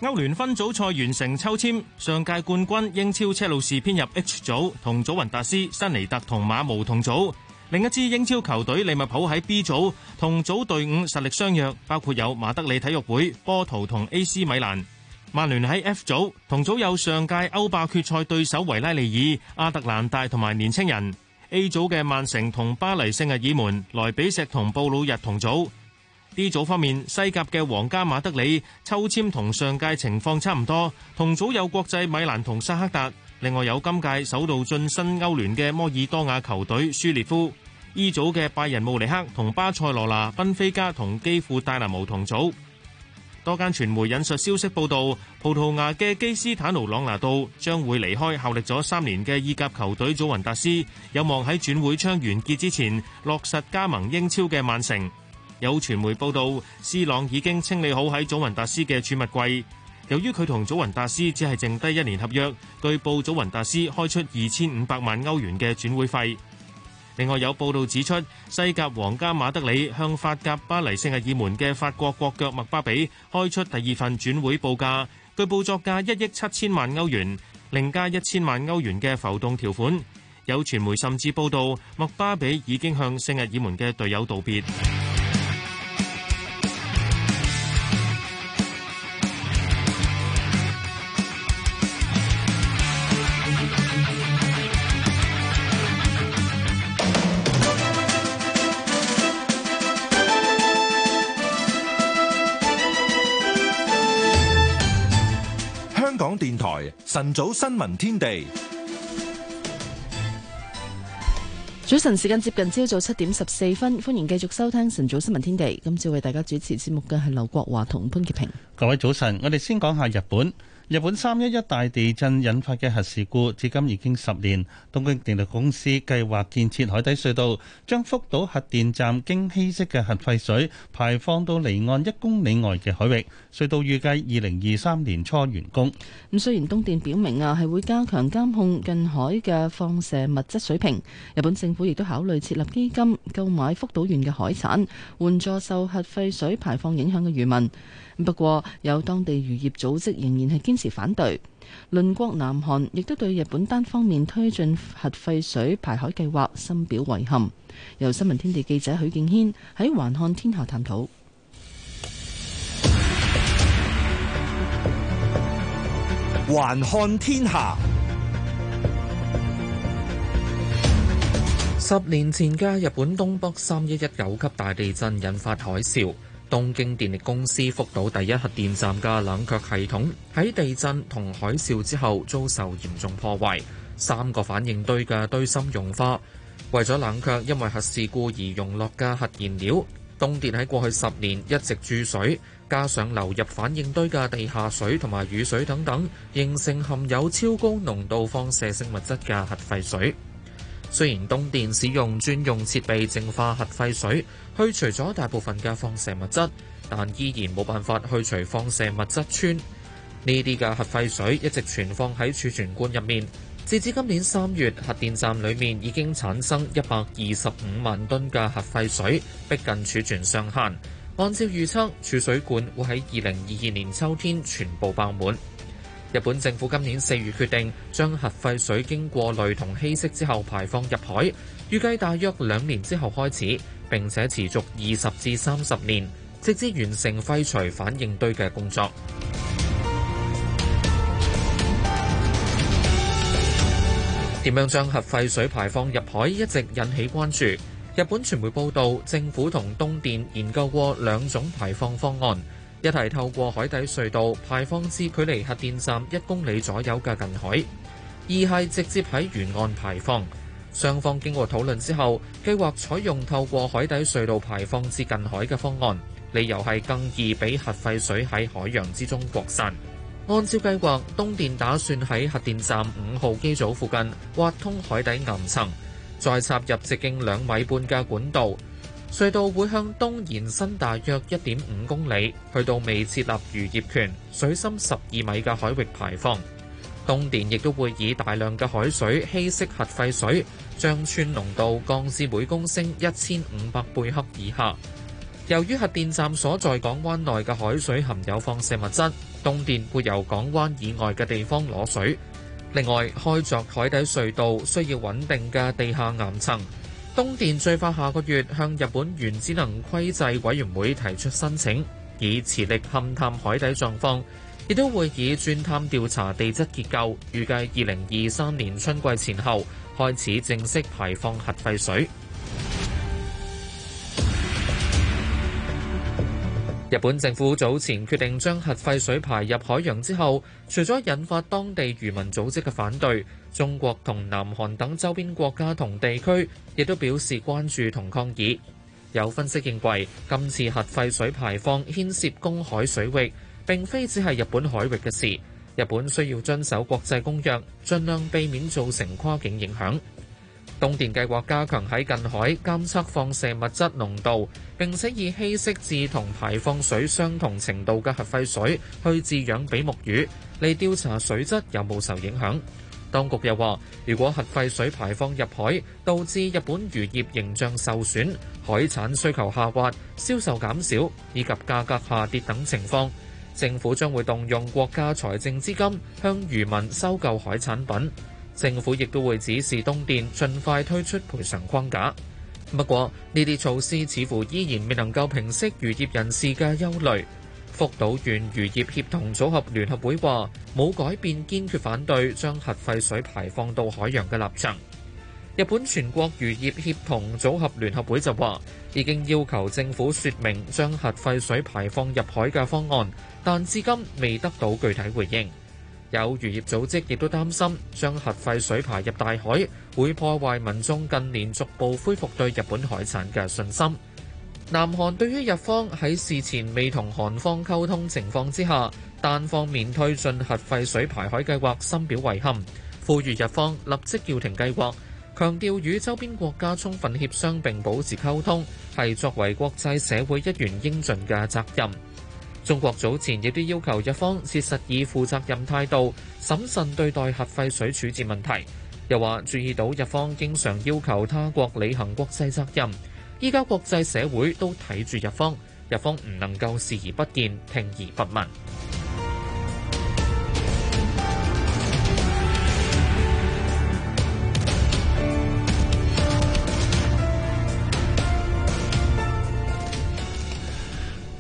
歐聯分組賽完成抽籤，上屆冠軍英超車路士編入 H 組，同祖雲達斯、新尼特同馬毛同組。另一支英超球隊利物浦喺 B 組，同組隊伍實力相若，包括有馬德里體育會、波圖同 A.C. 米蘭。曼聯喺 F 組，同組有上屆歐霸決賽對手維拉利爾、亞特蘭大同埋年輕人。A 組嘅曼城同巴黎聖日耳門、萊比錫同布魯日同組。D 組方面，西甲嘅皇家馬德里抽籤同上屆情況差唔多，同組有國際米蘭同薩克達，另外有今屆首度晉身歐聯嘅摩爾多亞球隊舒列夫。E 組嘅拜仁慕尼黑同巴塞羅那、賓菲加同基庫戴拿模同組。多間傳媒引述消息報道，葡萄牙嘅基斯坦奴·朗拿度將會離開效力咗三年嘅意甲球隊祖雲達斯，有望喺轉會窗完結之前落實加盟英超嘅曼城。有傳媒報道，斯朗已經清理好喺祖雲達斯嘅儲物櫃，由於佢同祖雲達斯只係剩低一年合約，據報祖雲達斯開出二千五百萬歐元嘅轉會費。另外有報道指出，西甲皇家馬德里向法甲巴黎聖日耳門嘅法國國腳麥巴比開出第二份轉會報價，據報作價一億七千萬歐元，另加一千萬歐元嘅浮動條款。有傳媒甚至報道，麥巴比已經向聖日耳門嘅隊友道別。晨早新聞天地，早晨時間接近朝早七點十四分，歡迎繼續收聽晨早新聞天地。今次為大家主持節目嘅係劉國華同潘潔平。各位早晨，我哋先講下日本。日本三一一大地震引發嘅核事故，至今已經十年。東京電力公司計劃建設海底隧道，將福島核電站經稀釋嘅核廢水排放到離岸一公里外嘅海域。隧道預計二零二三年初完工。咁雖然東電表明啊，係會加強監控近海嘅放射物質水平。日本政府亦都考慮設立基金，購買福島縣嘅海產，援助受核廢水排放影響嘅漁民。不過，有當地漁業組織仍然係堅持反對。鄰國南韓亦都對日本單方面推進核廢水排海計劃深表遺憾。由新聞天地記者許敬軒喺《環看天下》探討。《環看天下》十年前嘅日本東北三一一九級大地震引發海嘯。東京電力公司福島第一核電站的冷卻系統，在地震和海嘯之後遭受嚴重破壞，三個反應堆的堆芯融化，為了冷卻，因為核事故而溶落的核燃料，凍結，在過去十年一直注水，加上流入反應堆的地下水和雨水等等，形成含有超高濃度放射性物質的核廢水。雖然東電使用專用設備淨化核廢水，去除咗大部分嘅放射物質，但依然冇辦法去除放射物質氚。呢啲嘅核廢水一直存放喺儲存罐入面。截至今年三月，核電站裏面已經產生一百二十五萬噸嘅核廢水，逼近儲存上限。按照預測，儲水罐會喺二零二二年秋天全部爆滿。日本政府今年四月決定將核廢水經過濾同稀釋之後排放入海，預計大約兩年之後開始，並且持續二十至三十年，直至完成廢除反應堆嘅工作。點樣 [MUSIC] 將核廢水排放入海一直引起關注。日本傳媒報道，政府同東電研究過兩種排放方案。一係透過海底隧道排放至距離核電站一公里左右嘅近海，二係直接喺沿岸排放。雙方經過討論之後，計劃採用透過海底隧道排放至近海嘅方案，理由係更易俾核廢水喺海洋之中擴散。按照計劃，東電打算喺核電站五號機組附近挖通海底岩層，再插入直徑兩米半嘅管道。隧道會向東延伸大約一點五公里，去到未設立漁業權、水深十二米嘅海域排放。東電亦都會以大量嘅海水稀釋核廢水，將氚濃度降至每公升一千五百貝克以下。由於核電站所在港灣內嘅海水含有放射物質，東電會由港灣以外嘅地方攞水。另外，開鑿海底隧道需要穩定嘅地下岩層。東電最快下個月向日本原子能規制委員會提出申請，以磁力勘探海底狀況，亦都會以鑽探調查地質結構，預計二零二三年春季前後開始正式排放核廢水。日本政府早前決定將核廢水排入海洋之後，除咗引發當地漁民組織嘅反對，中國同南韓等周邊國家同地區亦都表示關注同抗議。有分析認為，今次核廢水排放牽涉公海水域，並非只係日本海域嘅事。日本需要遵守國際公約，盡量避免造成跨境影響。東電計劃加強喺近海監測放射物質濃度，並且以稀釋至同排放水相同程度嘅核廢水去飼養比目魚，嚟調查水質有冇受影響。當局又話，如果核廢水排放入海導致日本漁業形象受損、海產需求下滑、銷售減少以及價格下跌等情況，政府將會動用國家財政資金向漁民收購海產品。政府亦都會指示東電盡快推出賠償框架。不過呢啲措施似乎依然未能夠平息漁業人士嘅憂慮。福島縣漁業協同組合聯合會話，冇改變堅決反對將核廢水排放到海洋嘅立場。日本全國漁業協同組合聯合會就話，已經要求政府説明將核廢水排放入海嘅方案，但至今未得到具體回應。有漁業組織亦都擔心將核廢水排入大海會破壞民眾近年逐步恢復對日本海產嘅信心。南韓對於日方喺事前未同韓方溝通情況之下，單方面推進核廢水排海計劃深表遺憾，呼籲日方立即叫停計劃，強調與周邊國家充分協商並保持溝通，係作為國際社會一員應盡嘅責任。中國早前亦都要求日方切實以負責任態度審慎對待核廢水處置問題，又話注意到日方經常要求他國履行國際責任，依家國際社會都睇住日方，日方唔能夠視而不見，聽而不聞。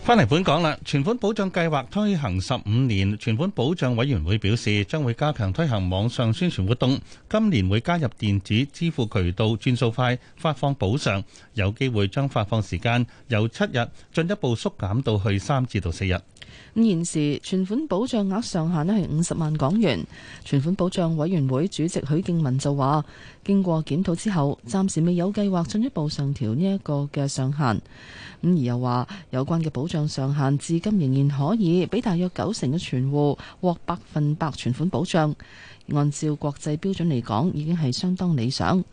返嚟本港啦，存款保障計劃推行十五年，存款保障委員會表示將會加強推行網上宣傳活動，今年會加入電子支付渠道，轉數快，發放補償，有機會將發放時間由七日進一步縮減到去三至到四日。咁現時存款保障額上限咧係五十萬港元，存款保障委員會主席許敬文就話，經過檢討之後，暫時未有計劃進一步上調呢一個嘅上限。咁而又話，有關嘅保障上限至今仍然可以俾大約九成嘅存戶獲百分百存款保障。按照國際標準嚟講，已經係相當理想。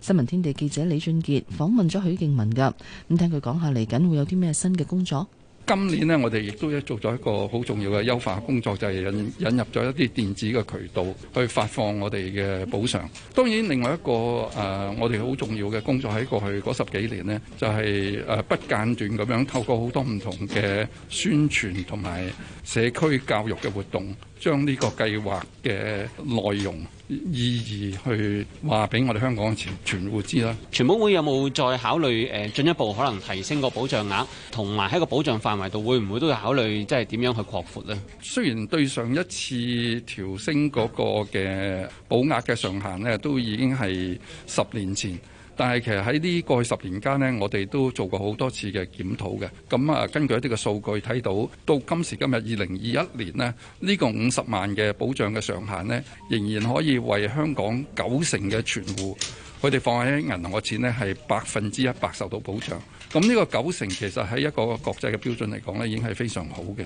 新聞天地記者李俊傑訪問咗許敬文㗎，咁聽佢講下嚟緊會有啲咩新嘅工作。今年呢，我哋亦都做咗一個好重要嘅優化工作，就係引引入咗一啲電子嘅渠道去發放我哋嘅補償。當然，另外一個誒，我哋好重要嘅工作喺過去嗰十幾年呢，就係誒不間斷咁樣透過好多唔同嘅宣傳同埋社區教育嘅活動。將呢個計劃嘅內容意義去話俾我哋香港全全戶知啦。全保會有冇再考慮誒進一步可能提升個保障額，同埋喺個保障範圍度會唔會都要考慮即係點樣去擴闊呢？雖然對上一次調升嗰個嘅保額嘅上限呢，都已經係十年前。但係其實喺呢過去十年間呢，我哋都做過好多次嘅檢討嘅。咁啊，根據一啲嘅數據睇到，到今時今日二零二一年呢，呢個五十萬嘅保障嘅上限呢，仍然可以為香港九成嘅存戶，佢哋放喺銀行嘅錢呢，係百分之一百受到保障。咁呢個九成其實喺一個國際嘅標準嚟講呢，已經係非常好嘅。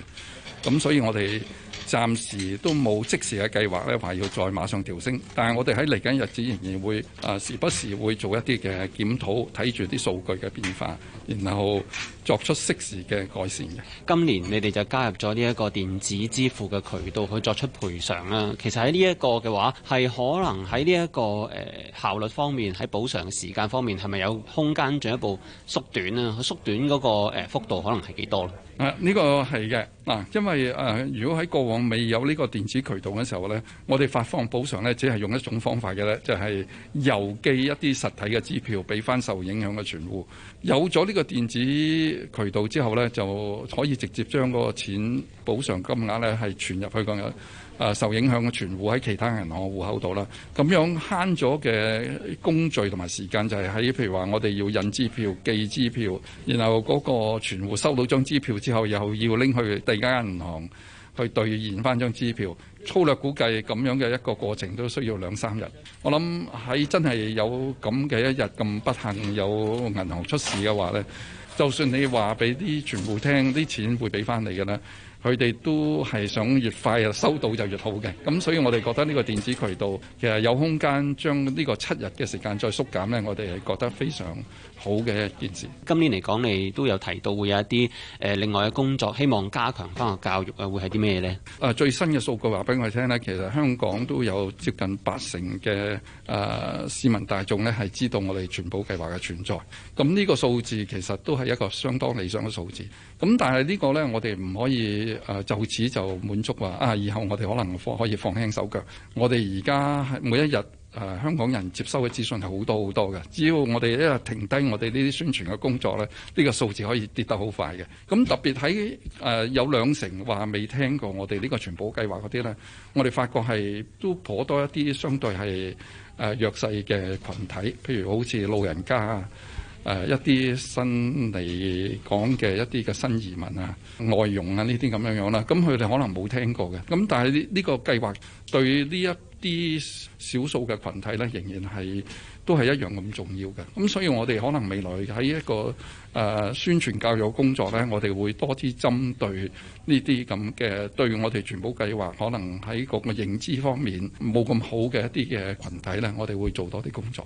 咁、嗯、所以我哋暫時都冇即時嘅計劃咧，話要再馬上調升。但係我哋喺嚟緊日子，仍然會啊、呃、時不時會做一啲嘅檢討，睇住啲數據嘅變化，然後，作出適時嘅改善嘅。今年你哋就加入咗呢一個電子支付嘅渠道去作出賠償啦。其實喺呢一個嘅話，係可能喺呢一個誒、呃、效率方面，喺補償時間方面，係咪有空間進一步縮短啊？佢縮短嗰、那個誒、呃、幅度可能係幾多咧？啊，呢、這個係嘅嗱，因為誒、呃、如果喺過往未有呢個電子渠道嘅時候咧，我哋發放補償咧，只係用一種方法嘅咧，就係、是、郵寄一啲實體嘅支票俾翻受影響嘅存戶。有咗呢個電子渠道之後呢，就可以直接將嗰個錢補償金額呢係存入去個誒、呃、受影響嘅存戶喺其他銀行嘅戶口度啦。咁樣慳咗嘅工序同埋時間就，就係喺譬如話，我哋要印支票、寄支票，然後嗰個存戶收到張支票之後，又要拎去第二間銀行去兌現翻張支票。粗略估計，咁樣嘅一個過程都需要兩三日。我諗喺真係有咁嘅一日咁不幸有銀行出事嘅話呢。就算你話俾啲全部聽，啲錢會俾翻你㗎啦，佢哋都係想越快啊收到就越好嘅。咁所以我哋覺得呢個電子渠道其實有空間將呢個七日嘅時間再縮減咧，我哋係覺得非常好嘅一件事，今年嚟講，你都有提到會有一啲誒、呃、另外嘅工作，希望加強翻個教育啊，會係啲咩咧？誒最新嘅數據話俾我哋聽咧，其實香港都有接近八成嘅誒、呃、市民大眾咧係知道我哋存保計劃嘅存在。咁、嗯、呢、這個數字其實都係一個相當理想嘅數字。咁、嗯、但係呢個咧，我哋唔可以誒、呃、就此就滿足話啊，以後我哋可能可放可以放輕手腳，我哋而家每一日。誒、啊、香港人接收嘅資訊係好多好多嘅，只要我哋一停低我哋呢啲宣傳嘅工作咧，呢、這個數字可以跌得好快嘅。咁特別喺誒、呃、有兩成話未聽過我哋呢個傳播計劃嗰啲咧，我哋發覺係都頗多一啲相對係誒、呃、弱勢嘅群體，譬如好似老人家啊。誒一啲新嚟講嘅一啲嘅新移民啊、外傭啊呢啲咁樣樣啦，咁佢哋可能冇聽過嘅，咁但係呢個計劃對呢一啲少數嘅群體咧，仍然係都係一樣咁重要嘅。咁所以我哋可能未來喺一個誒宣傳教育工作咧，我哋會多啲針對呢啲咁嘅對我哋全部計劃可能喺個認知方面冇咁好嘅一啲嘅群體咧，我哋會做多啲工作。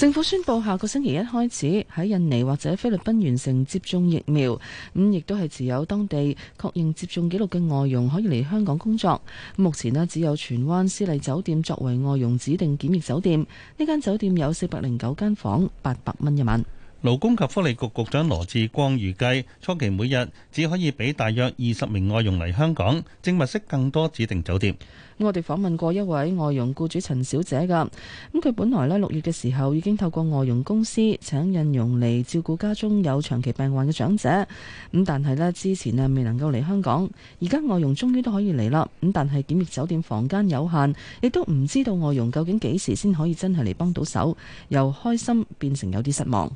政府宣布下，下個星期一開始喺印尼或者菲律賓完成接種疫苗，咁亦都係持有當地確認接種記錄嘅外傭可以嚟香港工作。目前呢只有荃灣絲麗酒店作為外傭指定檢疫酒店，呢間酒店有四百零九間房，八百蚊一晚。勞工及福利局局長羅志光預計，初期每日只可以俾大約二十名外傭嚟香港，正物色更多指定酒店。我哋訪問過一位外傭僱主陳小姐㗎，咁佢本來咧六月嘅時候已經透過外傭公司請印傭嚟照顧家中有長期病患嘅長者，咁但係咧之前咧未能夠嚟香港，而家外傭終於都可以嚟啦，咁但係檢疫酒店房間有限，亦都唔知道外傭究竟幾時先可以真係嚟幫到手，由開心變成有啲失望。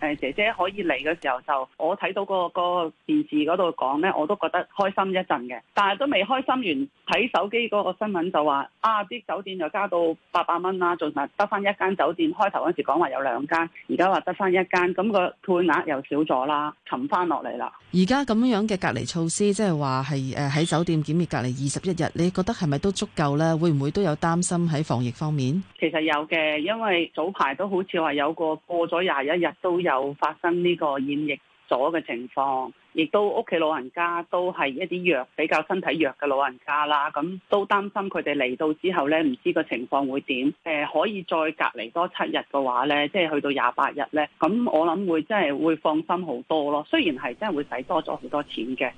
誒姐姐可以嚟嘅時候就我睇到個個電視嗰度講呢，我都覺得開心一陣嘅。但係都未開心完，睇手機嗰個新聞就話啊，啲酒店又加到八百蚊啦，仲得翻一間酒店。開頭嗰時講話有兩間，而家話得翻一間，咁個配額又少咗啦，沉翻落嚟啦。而家咁樣嘅隔離措施，即係話係誒喺酒店檢疫隔離二十一日，你覺得係咪都足夠呢？會唔會都有擔心喺防疫方面？其實有嘅，因為早排都好似話有個過咗廿一日都。有發生呢個染疫咗嘅情況，亦都屋企老人家都係一啲弱比較身體弱嘅老人家啦，咁都擔心佢哋嚟到之後呢，唔知個情況會點？誒、呃，可以再隔離多七日嘅話呢，即係去到廿八日呢，咁我諗會真係會放心好多咯。雖然係真係會使多咗好多錢嘅。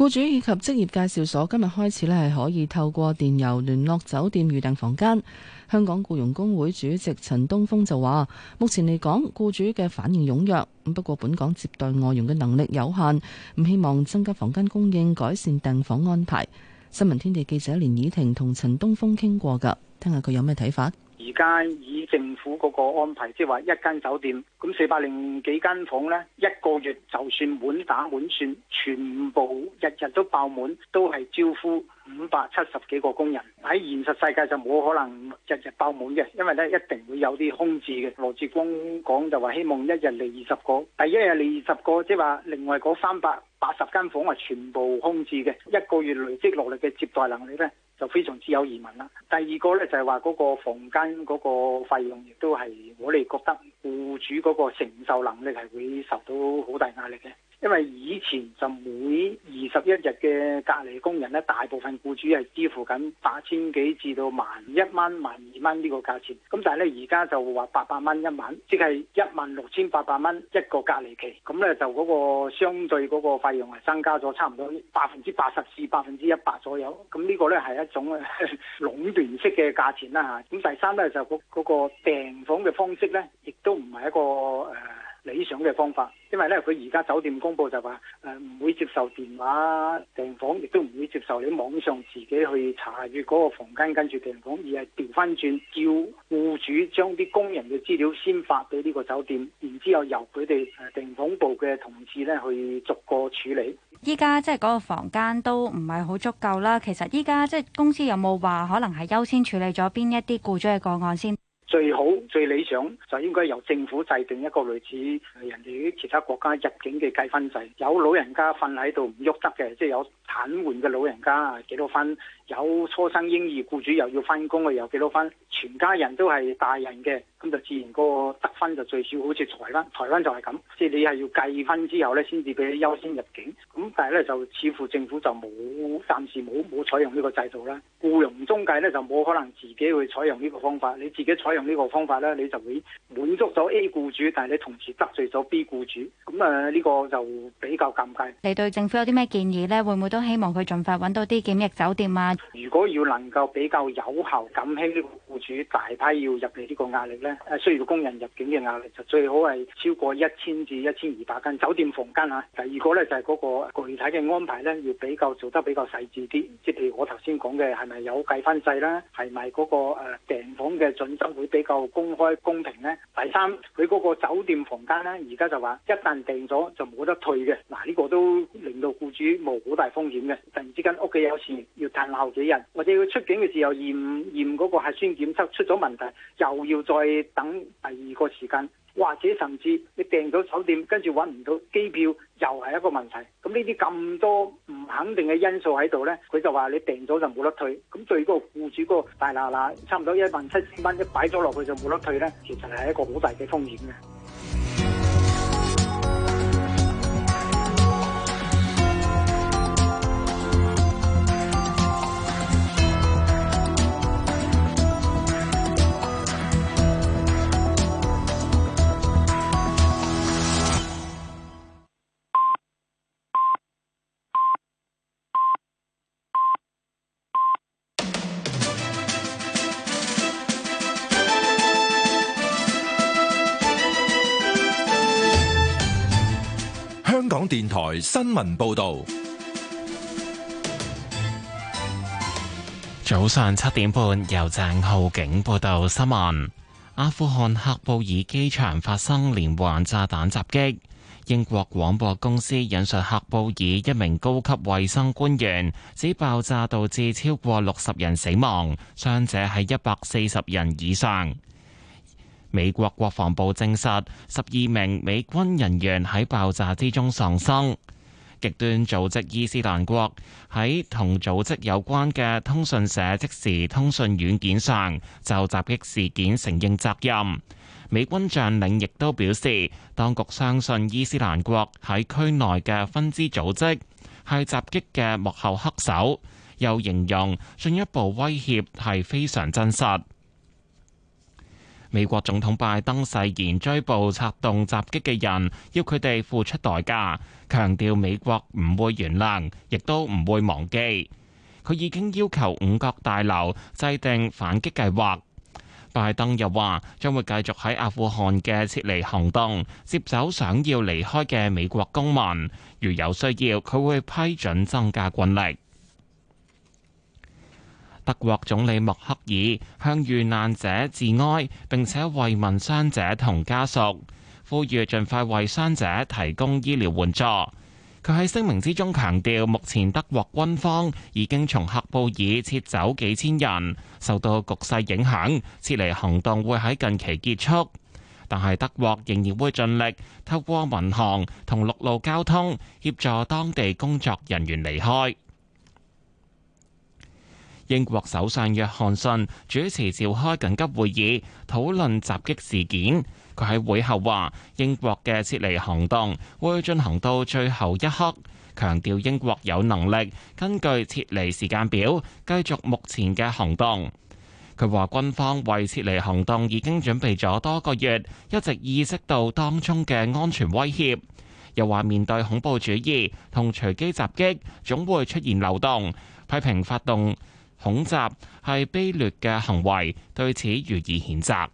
僱主以及職業介紹所今日開始咧係可以透過電郵聯絡酒店預訂房間。香港僱傭工會主席陳東峰就話，目前嚟講，僱主嘅反應踴躍，不過本港接待外傭嘅能力有限，唔希望增加房間供應，改善訂房安排。新聞天地記者連綺婷同陳東峰傾過噶，聽下佢有咩睇法。而家以政府嗰個安排，即係話一間酒店，咁四百零幾間房咧，一個月就算滿打滿算，全部日日都爆滿，都係招呼五百七十幾個工人。喺現實世界就冇可能日日爆滿嘅，因為咧一定會有啲空置嘅。羅志光講就話希望一日嚟二十個，第一日嚟二十個，即係話另外嗰三百八十間房係全部空置嘅，一個月累積落嚟嘅接待能力咧，就非常之有疑問啦。第二個咧就係話嗰個房間嗰個費用，亦都係我哋覺得僱主嗰個承受能力係會受到好大壓力嘅。因為以前就每二十一日嘅隔離工人咧，大部分僱主係支付緊八千幾 8, 至到萬一蚊、萬二蚊呢個價錢。咁但係咧，而家就話八百蚊一晚，即係一萬六千八百蚊一個隔離期。咁咧就嗰個相對嗰個費用係增加咗差唔多百分之八十至百分之一百左右。咁呢個咧係一種 [LAUGHS] 壟斷式嘅價錢啦嚇。咁第三咧就嗰、嗰、嗰、個嗰個訂房嘅方式咧，亦都唔係一個誒。呃理想嘅方法，因為咧佢而家酒店公布就話誒唔會接受電話訂房，亦都唔會接受你網上自己去查閱嗰個房間跟住訂房，而係調翻轉叫僱主將啲工人嘅資料先發俾呢個酒店，然之後由佢哋誒訂房部，嘅同事咧去逐個處理。依家即係嗰個房間都唔係好足夠啦。其實依家即係公司有冇話可能係優先處理咗邊一啲僱主嘅個案先？最好最理想就應該由政府制定一個類似人哋啲其他國家入境嘅計分制，有老人家瞓喺度唔喐得嘅，即係有癱瘓嘅老人家幾多分，有初生嬰兒僱主又要翻工嘅又幾多分，全家人都係大人嘅，咁就自然個得分就最少，好似台灣，台灣就係咁，即係你係要計分之後咧，先至俾優先入境。咁但係咧，就似乎政府就冇暫時冇冇採用呢個制度啦。僱傭中介咧就冇可能自己去採用呢個方法，你自己採用呢個方法咧，你就會滿足咗 A 僱主，但係你同時得罪咗 B 僱主。咁啊，呢個就比較尷尬。你對政府有啲咩建議咧？會唔會都希望佢盡快揾到啲檢疫酒店啊？如果要能夠比較有效減輕呢個僱主大批要入嚟呢個壓力咧誒需要工人入境嘅壓力就最好係超過一千至一千二百間酒店房間嚇、啊。第二個咧就係、是、嗰個具體嘅安排咧，要比較做得比較細緻啲。即係譬如我頭先講嘅係咪有計分制啦？係咪嗰個誒訂、啊、房嘅準則會比較公開公平咧？第三，佢嗰個酒店房間咧，而家就話一旦訂咗就冇得退嘅。嗱、啊、呢、這個都令到僱主冇好大風險嘅。突然之間屋企有事要延後幾日，或者要出境嘅時候驗驗嗰個核酸檢測出咗問題，又要再～等第二個時間，或者甚至你訂到酒店，跟住揾唔到機票，又係一個問題。咁呢啲咁多唔肯定嘅因素喺度呢，佢就話你訂咗就冇得退。咁對個戶主，個大喇喇，差唔多一萬七千蚊一擺咗落去就冇得退呢，其實係一個好大嘅風險嘅。電台新聞報道：早上七點半，由鄭浩景報道新聞。阿富汗喀布爾機場發生連環炸彈襲擊，英國廣播公司引述喀布爾一名高級衛生官員指，爆炸導致超過六十人死亡，傷者係一百四十人以上。美國國防部證實，十二名美軍人員喺爆炸之中喪生。極端組織伊斯蘭國喺同組織有關嘅通訊社即時通訊軟件上就襲擊事件承認責任。美軍將領亦都表示，當局相信伊斯蘭國喺區內嘅分支組織係襲擊嘅幕後黑手，又形容進一步威脅係非常真實。美國總統拜登誓言追捕策動襲擊嘅人，要佢哋付出代價，強調美國唔會原諒，亦都唔會忘記。佢已經要求五角大樓制定反擊計劃。拜登又話將會繼續喺阿富汗嘅撤離行動，接走想要離開嘅美國公民，如有需要，佢會批准增加軍力。德國總理默克爾向遇難者致哀，並且慰問傷者同家屬，呼籲盡快為傷者提供醫療援助。佢喺聲明之中強調，目前德國軍方已經從黑布爾撤走幾千人，受到局勢影響，撤離行動會喺近期結束。但係德國仍然會盡力透過民航同陸路交通協助當地工作人員離開。英國首相約翰遜主持召開緊急會議，討論襲擊事件。佢喺會後話：英國嘅撤離行動會進行到最後一刻，強調英國有能力根據撤離時間表繼續目前嘅行動。佢話軍方為撤離行動已經準備咗多個月，一直意識到當中嘅安全威脅。又話面對恐怖主義同隨機襲擊，總會出現漏洞，批評發動。恐襲係卑劣嘅行為，對此予以譴責。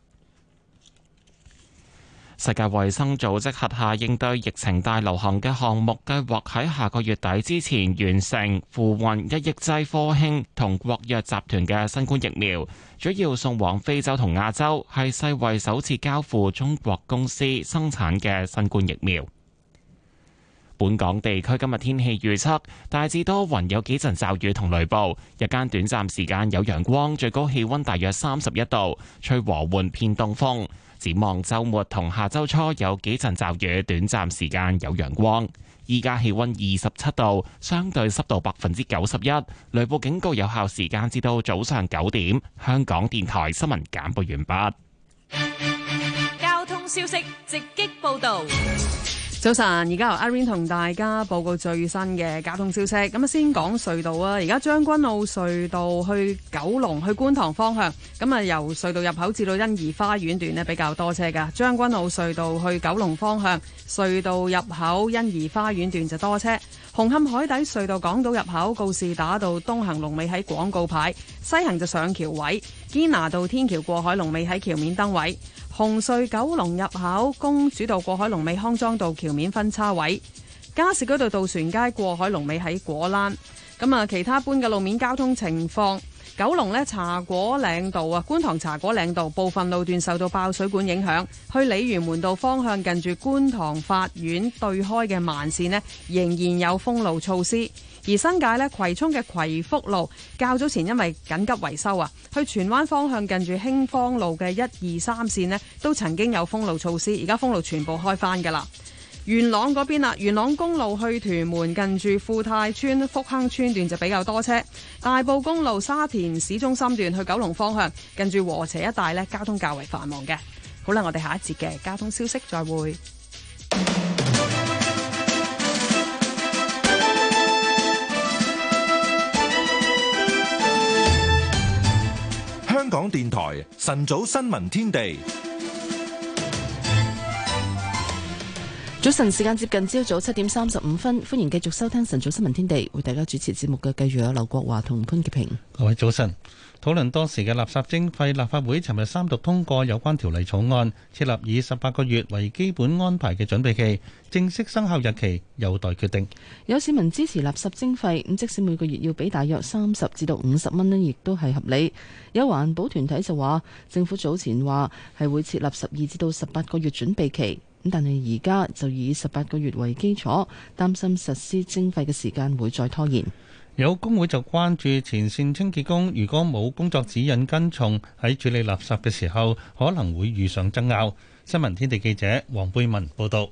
世界衛生組織轄下應對疫情大流行嘅項目計劃喺下個月底之前完成，付運一億劑科興同國藥集團嘅新冠疫苗，主要送往非洲同亞洲，係世衛首次交付中國公司生產嘅新冠疫苗。本港地區今日天氣預測大致多雲，有幾陣驟雨同雷暴，日間短暫時間有陽光，最高氣温大約三十一度，吹和緩偏東風。展望周末同下周初有幾陣驟雨，短暫時間有陽光。依家氣温二十七度，相對濕度百分之九十一，雷暴警告有效時間至到早上九點。香港電台新聞簡報完畢。交通消息直擊報道。早晨，而家由阿 Vin 同大家報告最新嘅交通消息。咁啊，先講隧道啊，而家將軍澳隧道去九龍、去觀塘方向，咁啊由隧道入口至到欣怡花園段呢，比較多車噶。將軍澳隧道去九龍方向，隧道入口欣怡花園段就多車。紅磡海底隧道港島入口告士打道東行龍尾喺廣告牌，西行就上橋位。堅拿道天橋過海龍尾喺橋面燈位。紅隧九龍入口、公主道過海、龍尾康莊道橋面分叉位、加士居道渡船街過海龍尾喺果欄。咁啊，其他般嘅路面交通情況，九龍呢茶果嶺道啊、觀塘茶果嶺道部分路段受到爆水管影響，去鯉魚門道方向近住觀塘法院對開嘅慢線呢，仍然有封路措施。而新界咧葵涌嘅葵福路，較早前因為緊急維修啊，去荃灣方向近住興芳路嘅一二三線呢，都曾經有封路措施，而家封路全部開翻㗎啦。元朗嗰邊啦，元朗公路去屯門近住富泰村、福亨村段就比較多車。大埔公路沙田市中心段去九龍方向近住禾輋一帶呢，交通較為繁忙嘅。好啦，我哋下一節嘅交通消息再會。香港電台晨早新聞天地。早晨，時間接近朝早七點三十五分，歡迎繼續收聽晨早新聞天地，為大家主持節目嘅繼續有劉國華同潘潔平。各位早晨。討論多時嘅垃圾徵費立法會，尋日三讀通過有關條例草案，設立以十八個月為基本安排嘅準備期，正式生效日期有待決定。有市民支持垃圾徵費，咁即使每個月要俾大約三十至到五十蚊咧，亦都係合理。有環保團體就話，政府早前話係會設立十二至到十八個月準備期。但係而家就以十八個月為基礎，擔心實施徵費嘅時間會再拖延。有工會就關注，前線清潔工如果冇工作指引跟從喺處理垃圾嘅時候，可能會遇上爭拗。新聞天地記者黃貝文報道，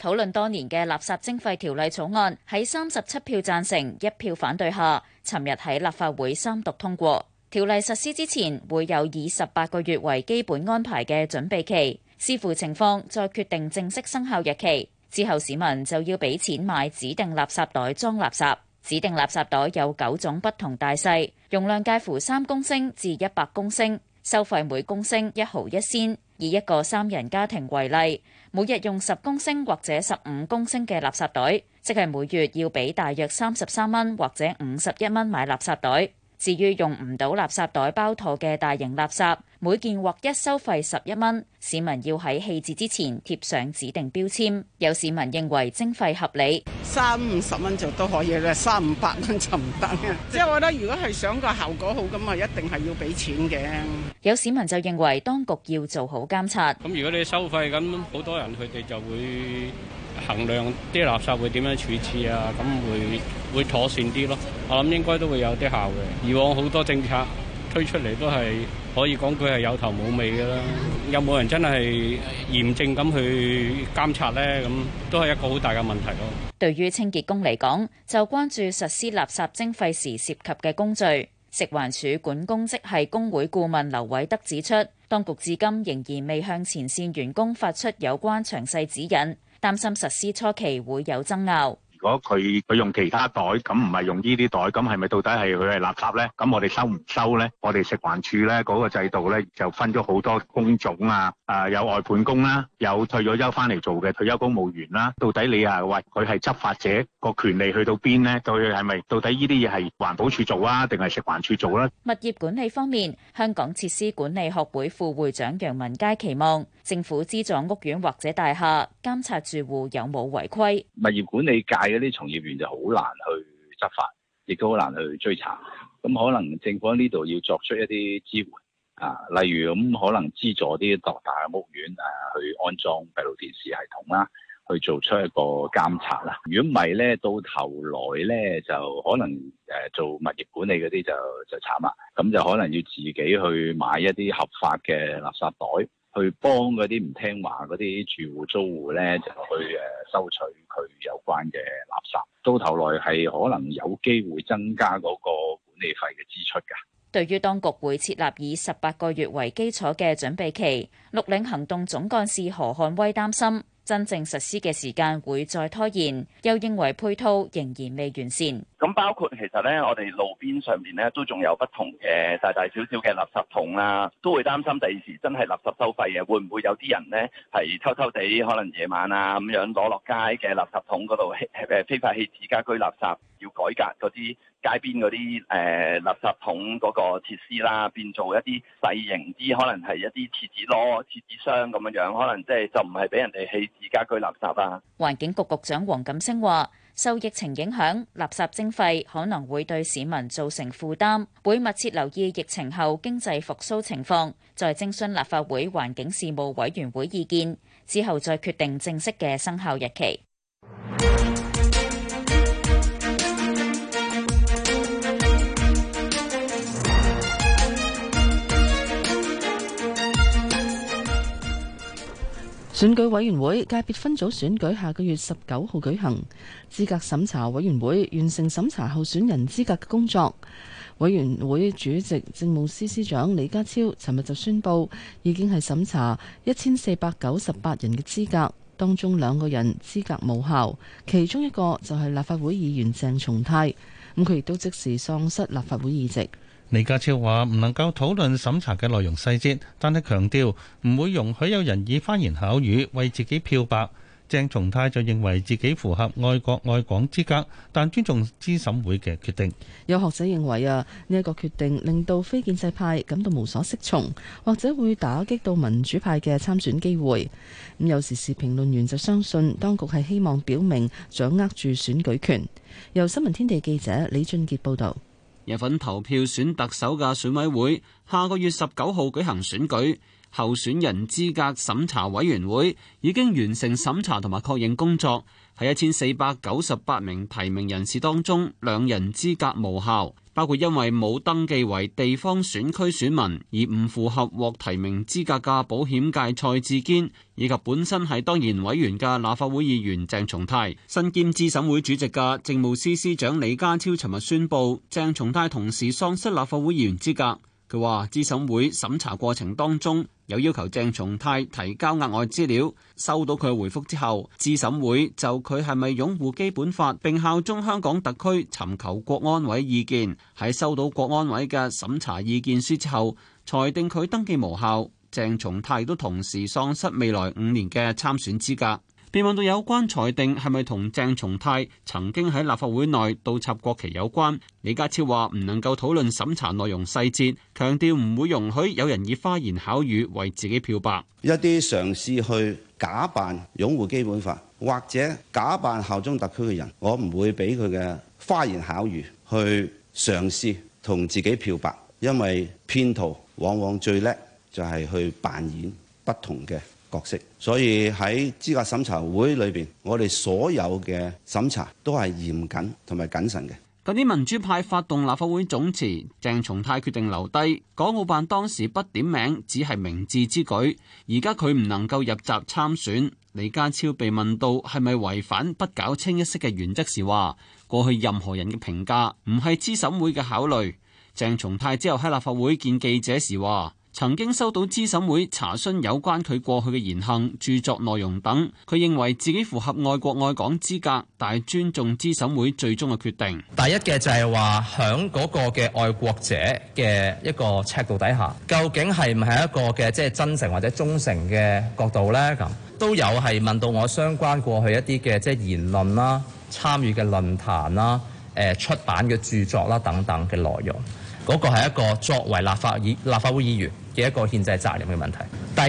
討論多年嘅垃圾徵費條例草案喺三十七票贊成、一票反對下，尋日喺立法會三讀通過。條例實施之前會有以十八個月為基本安排嘅準備期。支付情況再決定正式生效日期之後，市民就要俾錢買指定垃圾袋裝垃圾。指定垃圾袋有九種不同大細，容量介乎三公升至一百公升，收費每公升一毫一仙。以一個三人家庭為例，每日用十公升或者十五公升嘅垃圾袋，即係每月要俾大約三十三蚊或者五十一蚊買垃圾袋。至於用唔到垃圾袋包妥嘅大型垃圾。每件獲一收費十一蚊，市民要喺棄置之前貼上指定標籤。有市民認為徵費合理，三五十蚊就都可以啦，三五百蚊就唔得啊。即係我覺得，如果係想個效果好咁啊，一定係要俾錢嘅。有市民就認為，當局要做好監察。咁如果你收費咁，好多人佢哋就會衡量啲垃圾會點樣處置啊，咁會會妥善啲咯。我諗應該都會有啲效嘅。以往好多政策推出嚟都係。可以講佢係有頭冇尾嘅啦，有冇人真係嚴正咁去監察呢？咁都係一個好大嘅問題咯。對於清潔工嚟講，就關注實施垃圾徵費時涉及嘅工序。食環署管工即係工會顧問劉偉德指出，當局至今仍然未向前線員工發出有關詳細指引，擔心實施初期會有爭拗。如果佢佢用其他袋，咁唔係用呢啲袋，咁係咪到底係佢係垃圾咧？咁我哋收唔收咧？我哋食環署咧嗰個制度咧就分咗好多工種啊，啊有外判工啦，有退咗休翻嚟做嘅退休公務員啦。到底你啊喂，佢係執法者個權力去到邊咧？佢係咪到底呢啲嘢係環保署做啊，定係食環署做啦？物業管理方面，香港設施管理學會副會長楊文佳期望政府資助屋苑或者大廈監察住戶有冇違規。物業管理界。呢啲從業員就好難去執法，亦都好難去追查。咁可能政府呢度要作出一啲支援啊，例如咁、嗯、可能資助啲各大嘅屋苑誒、啊、去安裝閉路電視系統啦，去做出一個監察啦。如果唔係呢，到頭來呢就可能誒、呃、做物業管理嗰啲就就慘啦。咁就可能要自己去買一啲合法嘅垃圾袋。去幫嗰啲唔聽話嗰啲住戶租戶咧，就去誒收取佢有關嘅垃圾，到頭來係可能有機會增加嗰個管理費嘅支出㗎。對於當局會設立以十八個月為基礎嘅準備期，綠領行動總幹事何漢威擔心。真正實施嘅時間會再拖延，又認為配套仍然未完善。咁包括其實呢，我哋路邊上面呢，都仲有不同嘅大大小小嘅垃圾桶啦，都會擔心第二時真係垃圾收費嘅，會唔會有啲人呢係偷偷地可能夜晚啊咁樣攞落街嘅垃圾桶嗰度誒非法棄置家居垃圾？要改革嗰啲。街邊嗰啲誒垃圾桶嗰個設施啦，變做一啲細型啲，可能係一啲設置咯，設置箱咁樣樣，可能即係就唔係俾人哋棄置家居垃圾啊。環境局局長黃錦星話：受疫情影響，垃圾徵費可能會對市民造成負擔，會密切留意疫情後經濟復甦情況，再徵詢立法會環境事務委員會意見之後再決定正式嘅生效日期。選舉委員會界別分組選舉下個月十九號舉行，資格審查委員會完成審查候選人資格嘅工作。委員會主席政務司司長李家超尋日就宣佈，已經係審查一千四百九十八人嘅資格，當中兩個人資格無效，其中一個就係立法會議員鄭松泰，咁佢亦都即時喪失立法會議席。李家超話唔能夠討論審查嘅內容細節，但係強調唔會容許有人以花言巧語為自己漂白。鄭松泰就認為自己符合愛國愛港資格，但尊重資審會嘅決定。有學者認為啊，呢一個決定令到非建制派感到無所適從，或者會打擊到民主派嘅參選機會。咁有時事評論員就相信當局係希望表明掌握住選舉權。由新聞天地記者李俊傑報導。有份投票選特首嘅選委會，下個月十九號舉行選舉，候選人資格審查委員會已經完成審查同埋確認工作，喺一千四百九十八名提名人士當中，兩人資格無效。包括因為冇登記為地方選區選民而唔符合獲提名資格嘅保險界蔡志堅，以及本身係當然委員嘅立法會議員鄭松泰，身兼資審會主席嘅政務司司長李家超尋日宣布，鄭松泰同時喪失立法會議員資格。佢話：諮審會審查過程當中，有要求鄭松泰提交額外資料。收到佢回覆之後，諮審會就佢係咪擁護基本法並效忠香港特區，尋求國安委意見。喺收到國安委嘅審查意見書之後，裁定佢登記無效。鄭松泰都同時喪失未來五年嘅參選資格。被問到有關裁定係咪同鄭松泰曾經喺立法會內倒插國旗有關，李家超話唔能夠討論審查內容細節，強調唔會容許有人以花言巧語為自己漂白。一啲嘗試去假扮擁護基本法或者假扮效忠特區嘅人，我唔會俾佢嘅花言巧語去嘗試同自己漂白，因為騙徒往往最叻就係去扮演不同嘅角色，所以喺資格審查會裏邊，我哋所有嘅審查都係嚴謹同埋謹慎嘅。嗰啲民主派發動立法會總辭，鄭松泰決定留低。港澳辦當時不點名，只係明智之舉。而家佢唔能夠入閘參選。李家超被問到係咪違反不搞清一色嘅原則時話，話過去任何人嘅評價唔係資審會嘅考慮。鄭松泰之後喺立法會見記者時話。曾經收到資審會查詢有關佢過去嘅言行、著作內容等，佢認為自己符合愛國愛港資格，但係尊重資審會最終嘅決定。第一嘅就係話，響嗰個嘅愛國者嘅一個尺度底下，究竟係唔係一個嘅即係真誠或者忠誠嘅角度呢？咁都有係問到我相關過去一啲嘅即係言論啦、參與嘅論壇啦、誒、呃、出版嘅著作啦等等嘅內容。嗰、那個係一個作為立法議立法會議員嘅一個憲制責任嘅問題。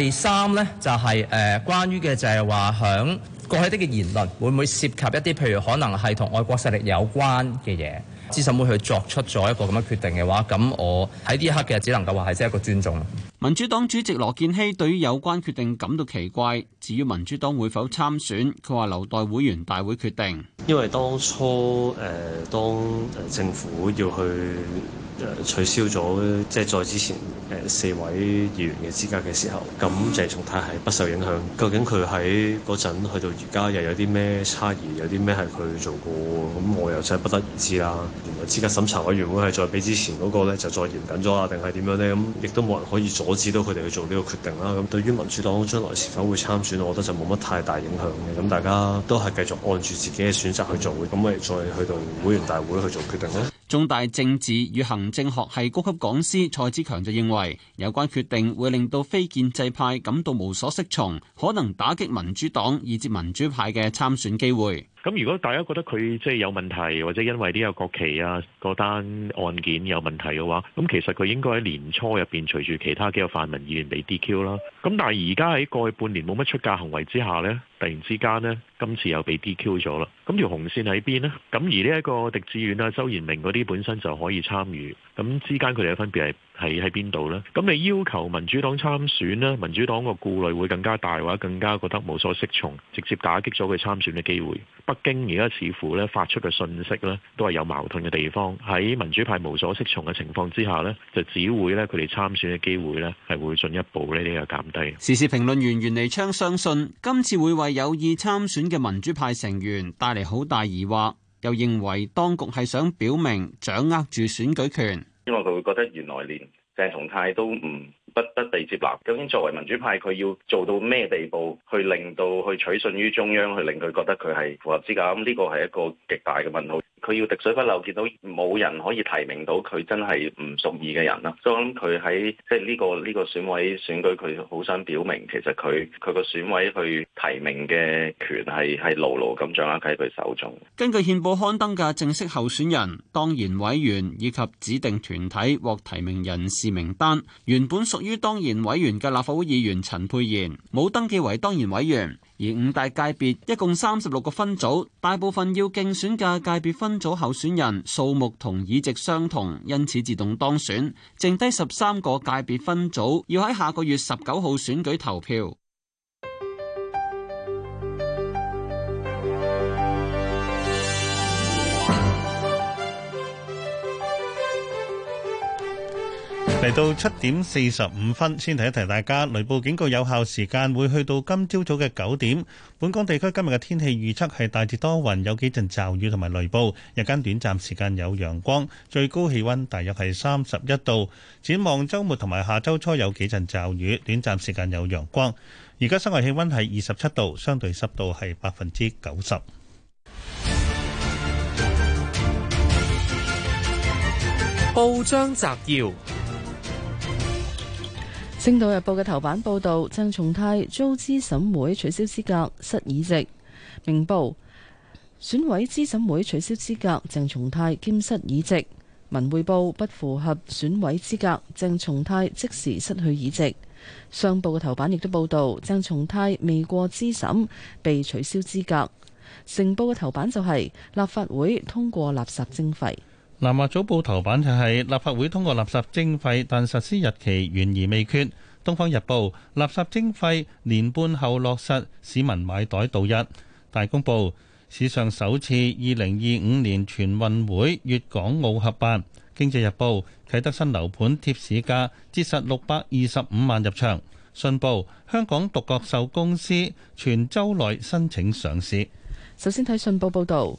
第三呢，就係、是、誒、呃、關於嘅就係話響過去啲嘅言論會唔會涉及一啲譬如可能係同外國勢力有關嘅嘢？資審會去作出咗一個咁樣決定嘅話，咁我喺呢一刻嘅只能夠話係即係一個尊重。民主黨主席羅健熙對於有關決定感到奇怪。至於民主黨會否參選，佢話留待會員大會決定。因為當初誒、呃，當政府要去取消咗即係在之前誒四位議員嘅資格嘅時候，咁鄭松泰係不受影響。究竟佢喺嗰陣去到而家又有啲咩差異，有啲咩係佢做過，咁我又真係不得而知啦。原來資格審查委員會係再比之前嗰個咧，就再嚴謹咗啊，定係點樣呢？咁亦都冇人可以做。我知道佢哋去做呢個決定啦。咁對於民主黨將來是否會參選，我覺得就冇乜太大影響嘅。咁大家都係繼續按住自己嘅選擇去做，咁咪再去到會員大會去做決定咧。中大政治與行政學系高級講師蔡志強就認為有關決定會令到非建制派感到無所適從，可能打擊民主黨以至民主派嘅參選機會。咁如果大家覺得佢即係有問題，或者因為呢個國旗啊嗰單案件有問題嘅話，咁其實佢應該喺年初入邊隨住其他幾個泛民議員被 DQ 啦。咁但係而家喺過去半年冇乜出價行為之下呢。突然之間呢，今次又被 DQ 咗啦。咁條紅線喺邊呢？咁而呢一個狄志遠啊、周延明嗰啲本身就可以參與，咁之間佢哋嘅分別係喺邊度呢？咁你要求民主黨參選咧，民主黨個顧慮會更加大嘅話，或更加覺得無所適從，直接打擊咗佢參選嘅機會。北京而家似乎咧發出嘅信息咧，都係有矛盾嘅地方。喺民主派無所適從嘅情況之下呢就只會咧佢哋參選嘅機會呢係會進一步呢呢個減低。時事評論員袁彌昌相信今次會為係有意參選嘅民主派成員帶嚟好大疑惑，又認為當局係想表明掌握住選舉權，因為佢會覺得原來連鄭松泰都唔不得地接納，究竟作為民主派佢要做到咩地步，去令到去取信於中央，去令佢覺得佢係符合資格，咁呢個係一個極大嘅問號。佢要滴水不漏，見到冇人可以提名到佢真係唔屬意嘅人啦，所以我諗佢喺即係呢個呢個選委選舉，佢好想表明其實，佢佢個選委去提名嘅權係係牢牢咁掌握喺佢手中。根據憲報刊登嘅正式候選人、當然委員以及指定團體獲提名人士名單，原本屬於當然委員嘅立法會議員陳沛然冇登記為當然委員。而五大界別一共三十六個分組，大部分要競選嘅界別分組候選人數目同議席相同，因此自動當選。剩低十三個界別分組要喺下個月十九號選舉投票。嚟到七點四十五分，先提一提大家，雷暴警告有效時間會去到今朝早嘅九點。本港地區今日嘅天氣預測係大致多雲，有幾陣驟雨同埋雷暴，日間短暫時間有陽光，最高氣溫大約係三十一度。展望週末同埋下週初有幾陣驟雨，短暫時間有陽光。而家室外氣溫係二十七度，相對濕度係百分之九十。報章摘要。《星島日報》嘅頭版報道鄭松泰遭資審會取消資格，失議席。《明報》選委資審會取消資格，鄭松泰兼失議席。《文匯報》不符合選委資格，鄭松泰即時失去議席。上報嘅頭版亦都報道鄭松泰未過資審被取消資格。《成報》嘅頭版就係、是、立法會通過垃圾徵費。南華早報頭版就係立法會通過垃圾徵費，但實施日期懸而未決。東方日報垃圾徵費年半後落實，市民買袋度日。大公報史上首次，二零二五年全運會粵港澳合辦。經濟日報啟德新樓盤貼市價，折實六百二十五萬入場。信報香港獨角獸公司全周內申請上市。首先睇信報報道。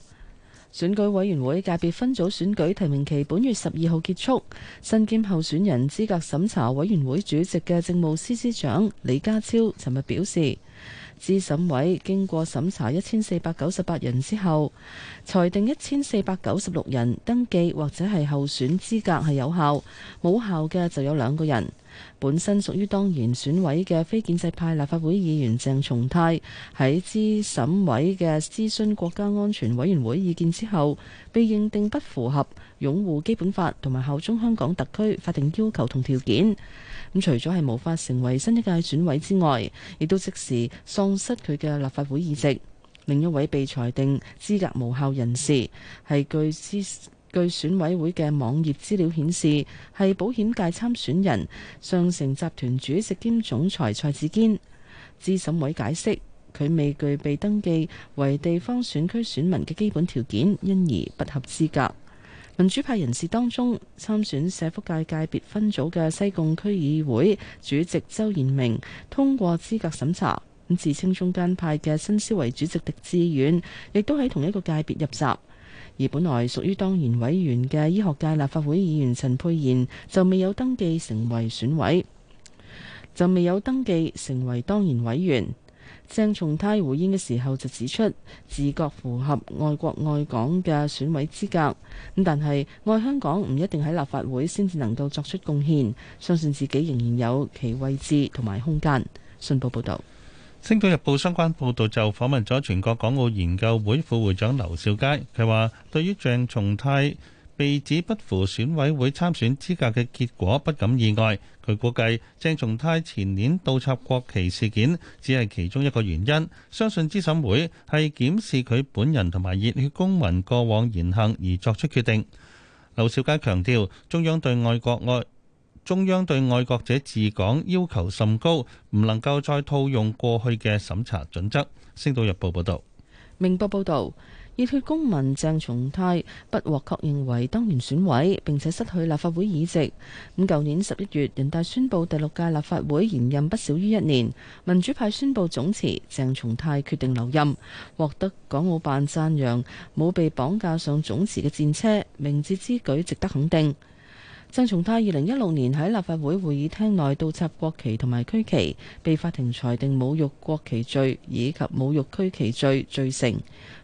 選舉委員會界別分組選舉提名期本月十二號結束，身兼候選人資格審查委員會主席嘅政務司司長李家超尋日表示，資審委經過審查一千四百九十八人之後，裁定一千四百九十六人登記或者係候選資格係有效，冇效嘅就有兩個人。本身屬於當然選委嘅非建制派立法會議員鄭松泰，喺資審委嘅諮詢國家安全委員會意見之後，被認定不符合擁護基本法同埋效忠香港特區法定要求同條件。咁除咗係無法成為新一屆選委之外，亦都即時喪失佢嘅立法會議席。另一位被裁定資格無效人士係據知。據選委會嘅網頁資料顯示，係保險界參選人上城集團主席兼總裁蔡志堅。資審委解釋，佢未具備登記為地方選區選民嘅基本條件，因而不合資格。民主派人士當中，參選社福界界別分組嘅西貢區議會主席周賢明通過資格審查。咁自稱中間派嘅新思維主席狄志遠，亦都喺同一個界別入閘。而本來屬於當然委員嘅醫學界立法會議員陳沛然就未有登記成為選委，就未有登記成為當然委員。鄭松泰回應嘅時候就指出，自覺符合愛國愛港嘅選委資格，咁但係愛香港唔一定喺立法會先至能夠作出貢獻，相信自己仍然有其位置同埋空間。信報報道。《星島日報》相關報導就訪問咗全國港澳研究會副會長劉兆佳，佢話：對於鄭松泰被指不符選委會參選資格嘅結果，不感意外。佢估計鄭松泰前年倒插國旗事件只係其中一個原因，相信資審會係檢視佢本人同埋熱血公民過往言行而作出決定。劉兆佳強調，中央對外國外……中央對愛國者治港要求甚高，唔能夠再套用過去嘅審查準則。星島日報報道：「明報報道，熱血公民鄭松泰不獲確認為當然選委，並且失去立法會議席。咁舊年十一月，人大宣布第六屆立法會延任不少於一年。民主派宣布總辭，鄭松泰決定留任，獲得港澳辦讚揚，冇被綁架上總辭嘅戰車，明智之舉，值得肯定。鄭松泰二零一六年喺立法會會議廳內倒插國旗同埋區旗，被法庭裁定侮辱國旗罪以及侮辱區旗罪罪成。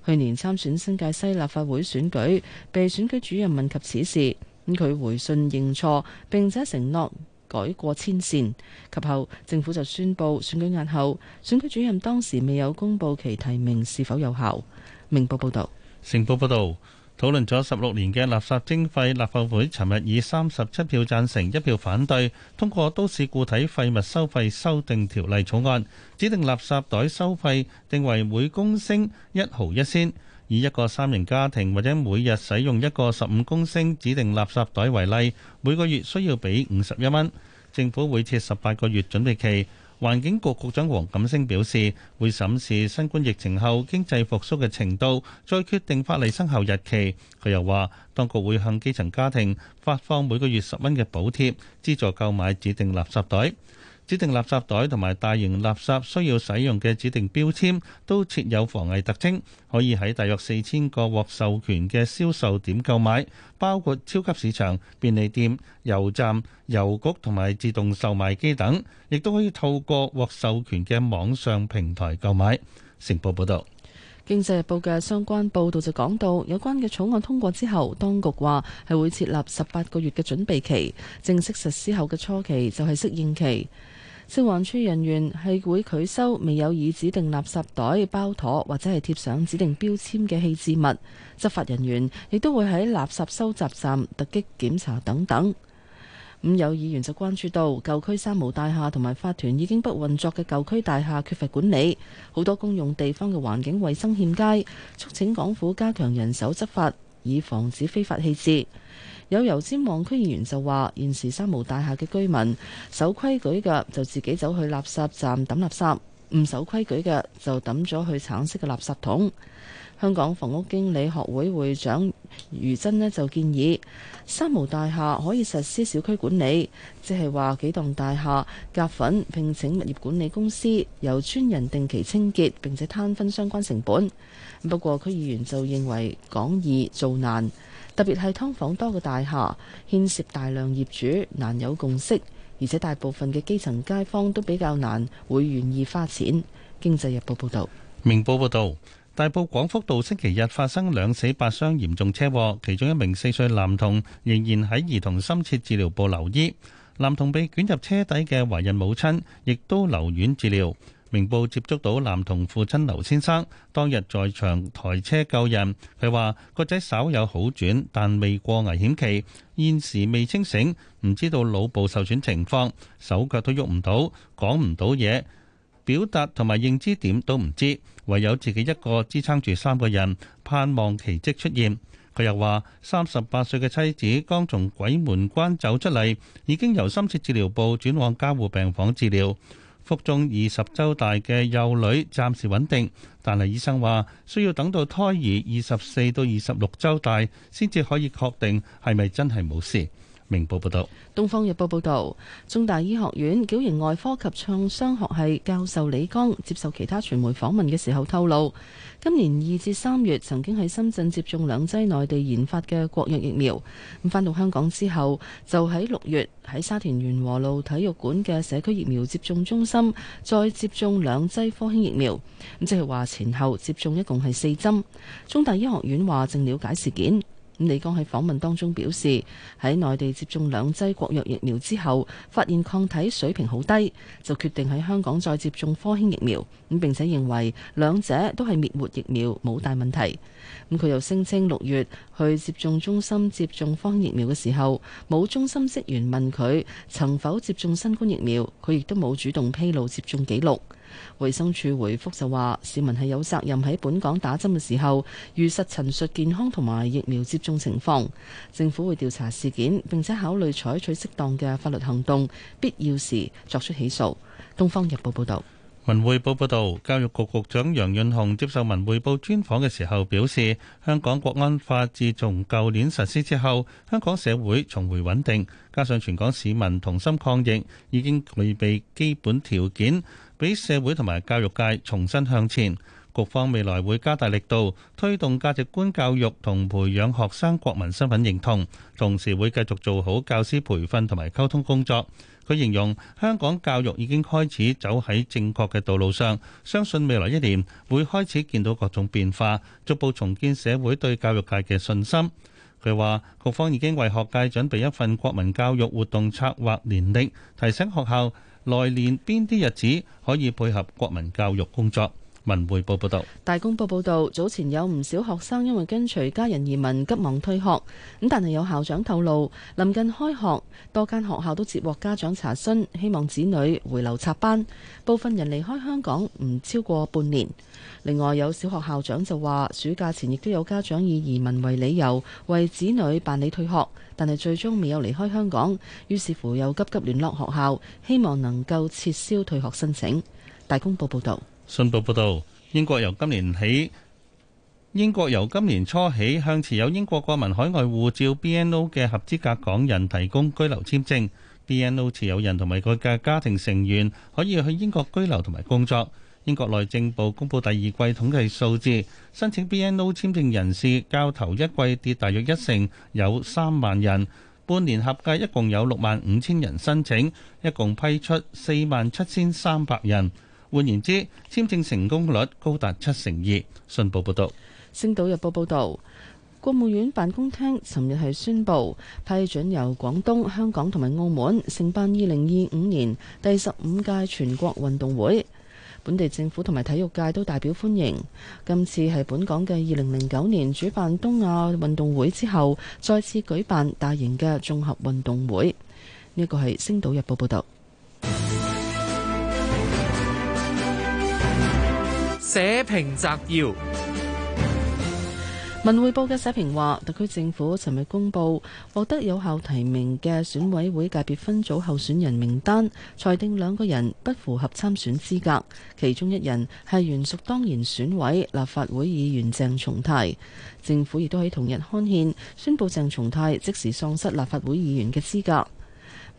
去年參選新界西立法會選舉，被選舉主任問及此事，咁佢回信認錯，並且承諾改過遷善。及後政府就宣布選舉押後，選舉主任當時未有公布其提名是否有效。明報報道，成報報道。討論咗十六年嘅垃圾徵費立法會，尋日以三十七票贊成一票反對通過《都市固體廢物收費修訂條例草案》，指定垃圾袋收費定為每公升一毫一仙。以一個三人家庭或者每日使用一個十五公升指定垃圾袋為例，每個月需要俾五十一蚊。政府會設十八個月準備期。環境局局長黃錦星表示，會審視新冠疫情後經濟復甦嘅程度，再決定法例生效日期。佢又話，當局會向基層家庭發放每個月十蚊嘅補貼，資助購買指定垃圾袋。指定垃圾袋同埋大型垃圾需要使用嘅指定標籤都設有防偽特徵，可以喺大約四千個獲授權嘅銷售點購買，包括超級市場、便利店、油站、郵局同埋自動售賣機等，亦都可以透過獲授權嘅網上平台購買。成報報道，經濟日報嘅相關報道就講到，有關嘅草案通過之後，當局話，係會設立十八個月嘅準備期，正式實施後嘅初期就係適應期。食環署人員係會拒收未有以指定垃圾袋，袋包妥或者係貼上指定標籤嘅棄置物，執法人員亦都會喺垃圾收集站突擊檢查等等。咁有議員就關注到舊區三無大廈同埋法團已經不運作嘅舊區大廈缺乏管理，好多公用地方嘅環境衛生欠佳，促請港府加強人手執法，以防止非法棄置。有油尖旺區議員就話：現時三無大廈嘅居民守規矩嘅就自己走去垃圾站抌垃圾，唔守規矩嘅就抌咗去橙色嘅垃圾桶。香港房屋經理學會會長余珍呢就建議，三無大廈可以實施小區管理，即係話幾棟大廈夾份聘請物業管理公司，由專人定期清潔並且攤分相關成本。不過區議員就認為講易做難。特別係劏房多嘅大廈，牽涉大量業主，難有共識，而且大部分嘅基層街坊都比較難會願意花錢。經濟日報報道，明報報道，大埔廣福道星期日發生兩死八傷嚴重車禍，其中一名四歲男童仍然喺兒童深切治療部留醫，男童被捲入車底嘅懷孕母親亦都留院治療。明報接觸到男童父親劉先生，當日在場抬車救人。佢話：個仔稍有好轉，但未過危險期，現時未清醒，唔知道腦部受損情況，手腳都喐唔到，講唔到嘢，表達同埋認知點都唔知，唯有自己一個支撐住三個人，盼望奇蹟出現。佢又話：三十八歲嘅妻子剛從鬼門關走出嚟，已經由深切治療部轉往加護病房治療。腹中二十周大嘅幼女暫時穩定，但係醫生話需要等到胎兒二十四到二十六周大先至可以確定係咪真係冇事。明報報道，東方日報報道，中大醫學院矯形外科及創傷學系教授李剛接受其他傳媒訪問嘅時候透露，今年二至三月曾經喺深圳接種兩劑內地研發嘅國藥疫苗，咁翻到香港之後，就喺六月喺沙田源禾路體育館嘅社區疫苗接種中心再接種兩劑科興疫苗，咁即係話前後接種一共係四針，中大醫學院話正了解事件。咁李剛喺訪問當中表示，喺內地接種兩劑國藥疫苗之後，發現抗體水平好低，就決定喺香港再接種科興疫苗。咁並且認為兩者都係滅活疫苗，冇大問題。咁佢又聲稱六月去接種中心接種科興疫苗嘅時候，冇中心職員問佢曾否接種新冠疫苗，佢亦都冇主動披露接種記錄。衛生署回覆就話，市民係有責任喺本港打針嘅時候，如實陳述健康同埋疫苗接種情況。政府會調查事件，並且考慮採取適當嘅法律行動，必要時作出起訴。東方日報報道，文匯報報道，教育局局、局長楊潤雄接受文匯報專訪嘅時候表示，香港國安法自從舊年實施之後，香港社會重回穩定，加上全港市民同心抗疫，已經具備基本條件。俾社會同埋教育界重新向前，局方未來會加大力度推動價值觀教育同培養學生國民身份認同，同時會繼續做好教師培訓同埋溝通工作。佢形容香港教育已經開始走喺正確嘅道路上，相信未來一年會開始見到各種變化，逐步重建社會對教育界嘅信心。佢話局方已經為學界準備一份國民教育活動策劃年歷，提醒學校。來年邊啲日子可以配合國民教育工作？文匯報報道。大公報報道，早前有唔少學生因為跟隨家人移民急忙退學，咁但係有校長透露，臨近近開學，多間學校都接獲家長查詢，希望子女回流插班，部分人離開香港唔超過半年。另外有小學校長就話，暑假前亦都有家長以移民為理由，為子女辦理退學。但係最終未有離開香港，於是乎又急急聯絡學校，希望能夠撤銷退學申請。大公報報道。信報報道，英國由今年起，英國由今年初起，向持有英國國民海外護照 （BNO） 嘅合資格港人提供居留簽證。BNO 持有人同埋佢嘅家庭成員可以去英國居留同埋工作。英國內政部公布第二季統計數字，申請 BNO 簽證人士較頭一季跌大約一成，有三萬人。半年合計一共有六萬五千人申請，一共批出四萬七千三百人。換言之，簽證成功率高達七成二。信報報道。《星島日報》報道，國務院辦公廳尋日係宣布批准由廣東、香港同埋澳門承辦二零二五年第十五屆全國運動會。本地政府同埋體育界都大表歡迎，今次係本港嘅二零零九年主辦東亞運動會之後，再次舉辦大型嘅綜合運動會。呢、這個係《星島日報》報道。社評摘要。文匯報嘅社評話，特區政府尋日公布獲得有效提名嘅選委會界別分組候選人名單，裁定兩個人不符合參選資格，其中一人係原屬當然選委立法會議員鄭松泰。政府亦都喺同日刊憲宣布鄭松泰即時喪失立法會議員嘅資格。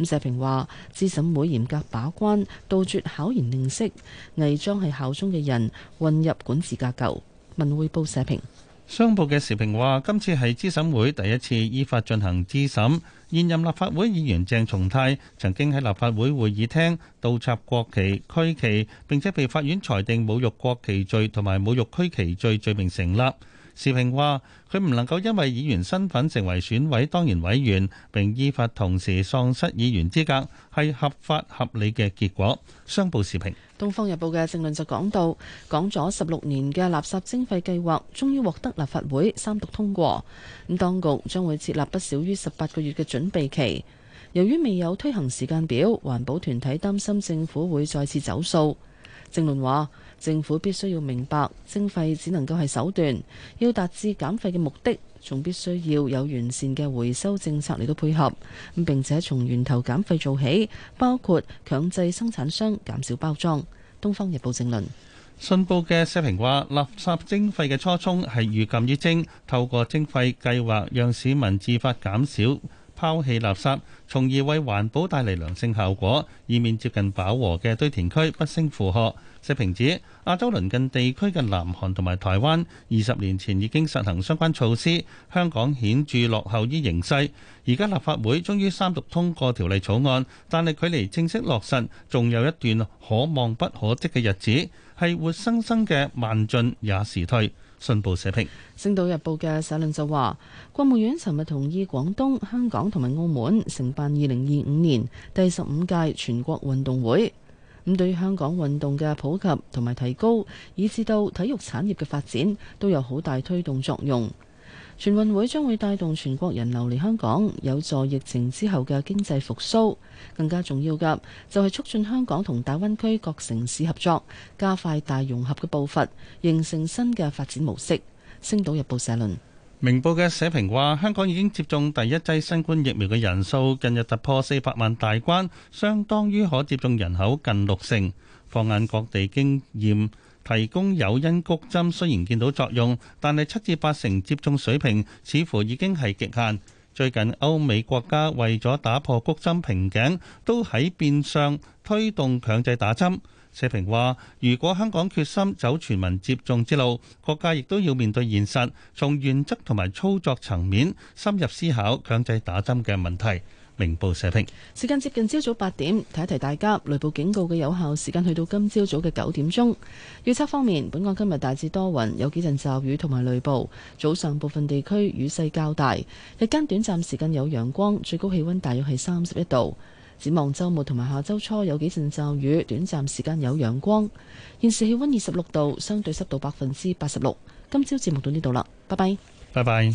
咁社評話，資審會嚴格把關，杜絕考研認識偽裝係效忠嘅人混入管治架構。文匯報社評。商報嘅時評話：今次係資審會第一次依法進行資審。現任立法會議員鄭松泰曾經喺立法會會議廳倒插國旗區旗，並且被法院裁定侮辱國旗罪同埋侮辱區旗罪罪名成立。時評話：佢唔能夠因為議員身份成為選委當然委員，並依法同時喪失議員資格，係合法合理嘅結果。商報時評，《東方日報》嘅政論就講到，講咗十六年嘅垃圾徵費計劃，終於獲得立法會三讀通過。咁當局將會設立不少於十八個月嘅準備期。由於未有推行時間表，環保團體擔心政府會再次走數。政論話。政府必須要明白，徵費只能夠係手段，要達至減費嘅目的，仲必須要有完善嘅回收政策嚟到配合。並且從源頭減費做起，包括強制生產商減少包裝。東方日報正論信報嘅社評話，垃圾徵費嘅初衷係寓禁於徵透過徵費計劃讓市民自發減少拋棄垃圾，從而為環保帶嚟良性效果。以免接近飽和嘅堆填區不勝負荷。社評指亞洲鄰近地區嘅南韓同埋台灣，二十年前已經實行相關措施，香港顯著落後於形勢。而家立法會終於三讀通過條例草案，但係距離正式落實仲有一段可望不可即嘅日子，係活生生嘅慢進也時退。信報社評，《星島日報》嘅社論就話，國務院尋日同意廣東、香港同埋澳門承辦二零二五年第十五屆全國運動會。咁對香港運動嘅普及同埋提高，以至到體育產業嘅發展，都有好大推動作用。全運會將會帶動全國人流嚟香港，有助疫情之後嘅經濟復甦。更加重要嘅就係促進香港同大灣區各城市合作，加快大融合嘅步伐，形成新嘅發展模式。星島日報社論。明報嘅社評話，香港已經接種第一劑新冠疫苗嘅人數近日突破四百萬大關，相當於可接種人口近六成。放眼各地經驗，提供有因谷針雖然見到作用，但係七至八成接種水平似乎已經係極限。最近歐美國家為咗打破谷針瓶頸，都喺變相推動強制打針。社評話：如果香港決心走全民接種之路，國家亦都要面對現實，從原則同埋操作層面深入思考強制打針嘅問題。明報社評。時間接近朝早八點，提一提大家，雷暴警告嘅有效時間去到今朝早嘅九點鐘。預測方面，本港今日大致多雲，有幾陣驟雨同埋雷暴，早上部分地區雨勢較大，日間短暫時間有陽光，最高氣溫大約係三十一度。展望周末同埋下周初有幾陣驟雨，短暫時間有陽光。現時氣溫二十六度，相對濕度百分之八十六。今朝節目到呢度啦，拜拜。拜拜。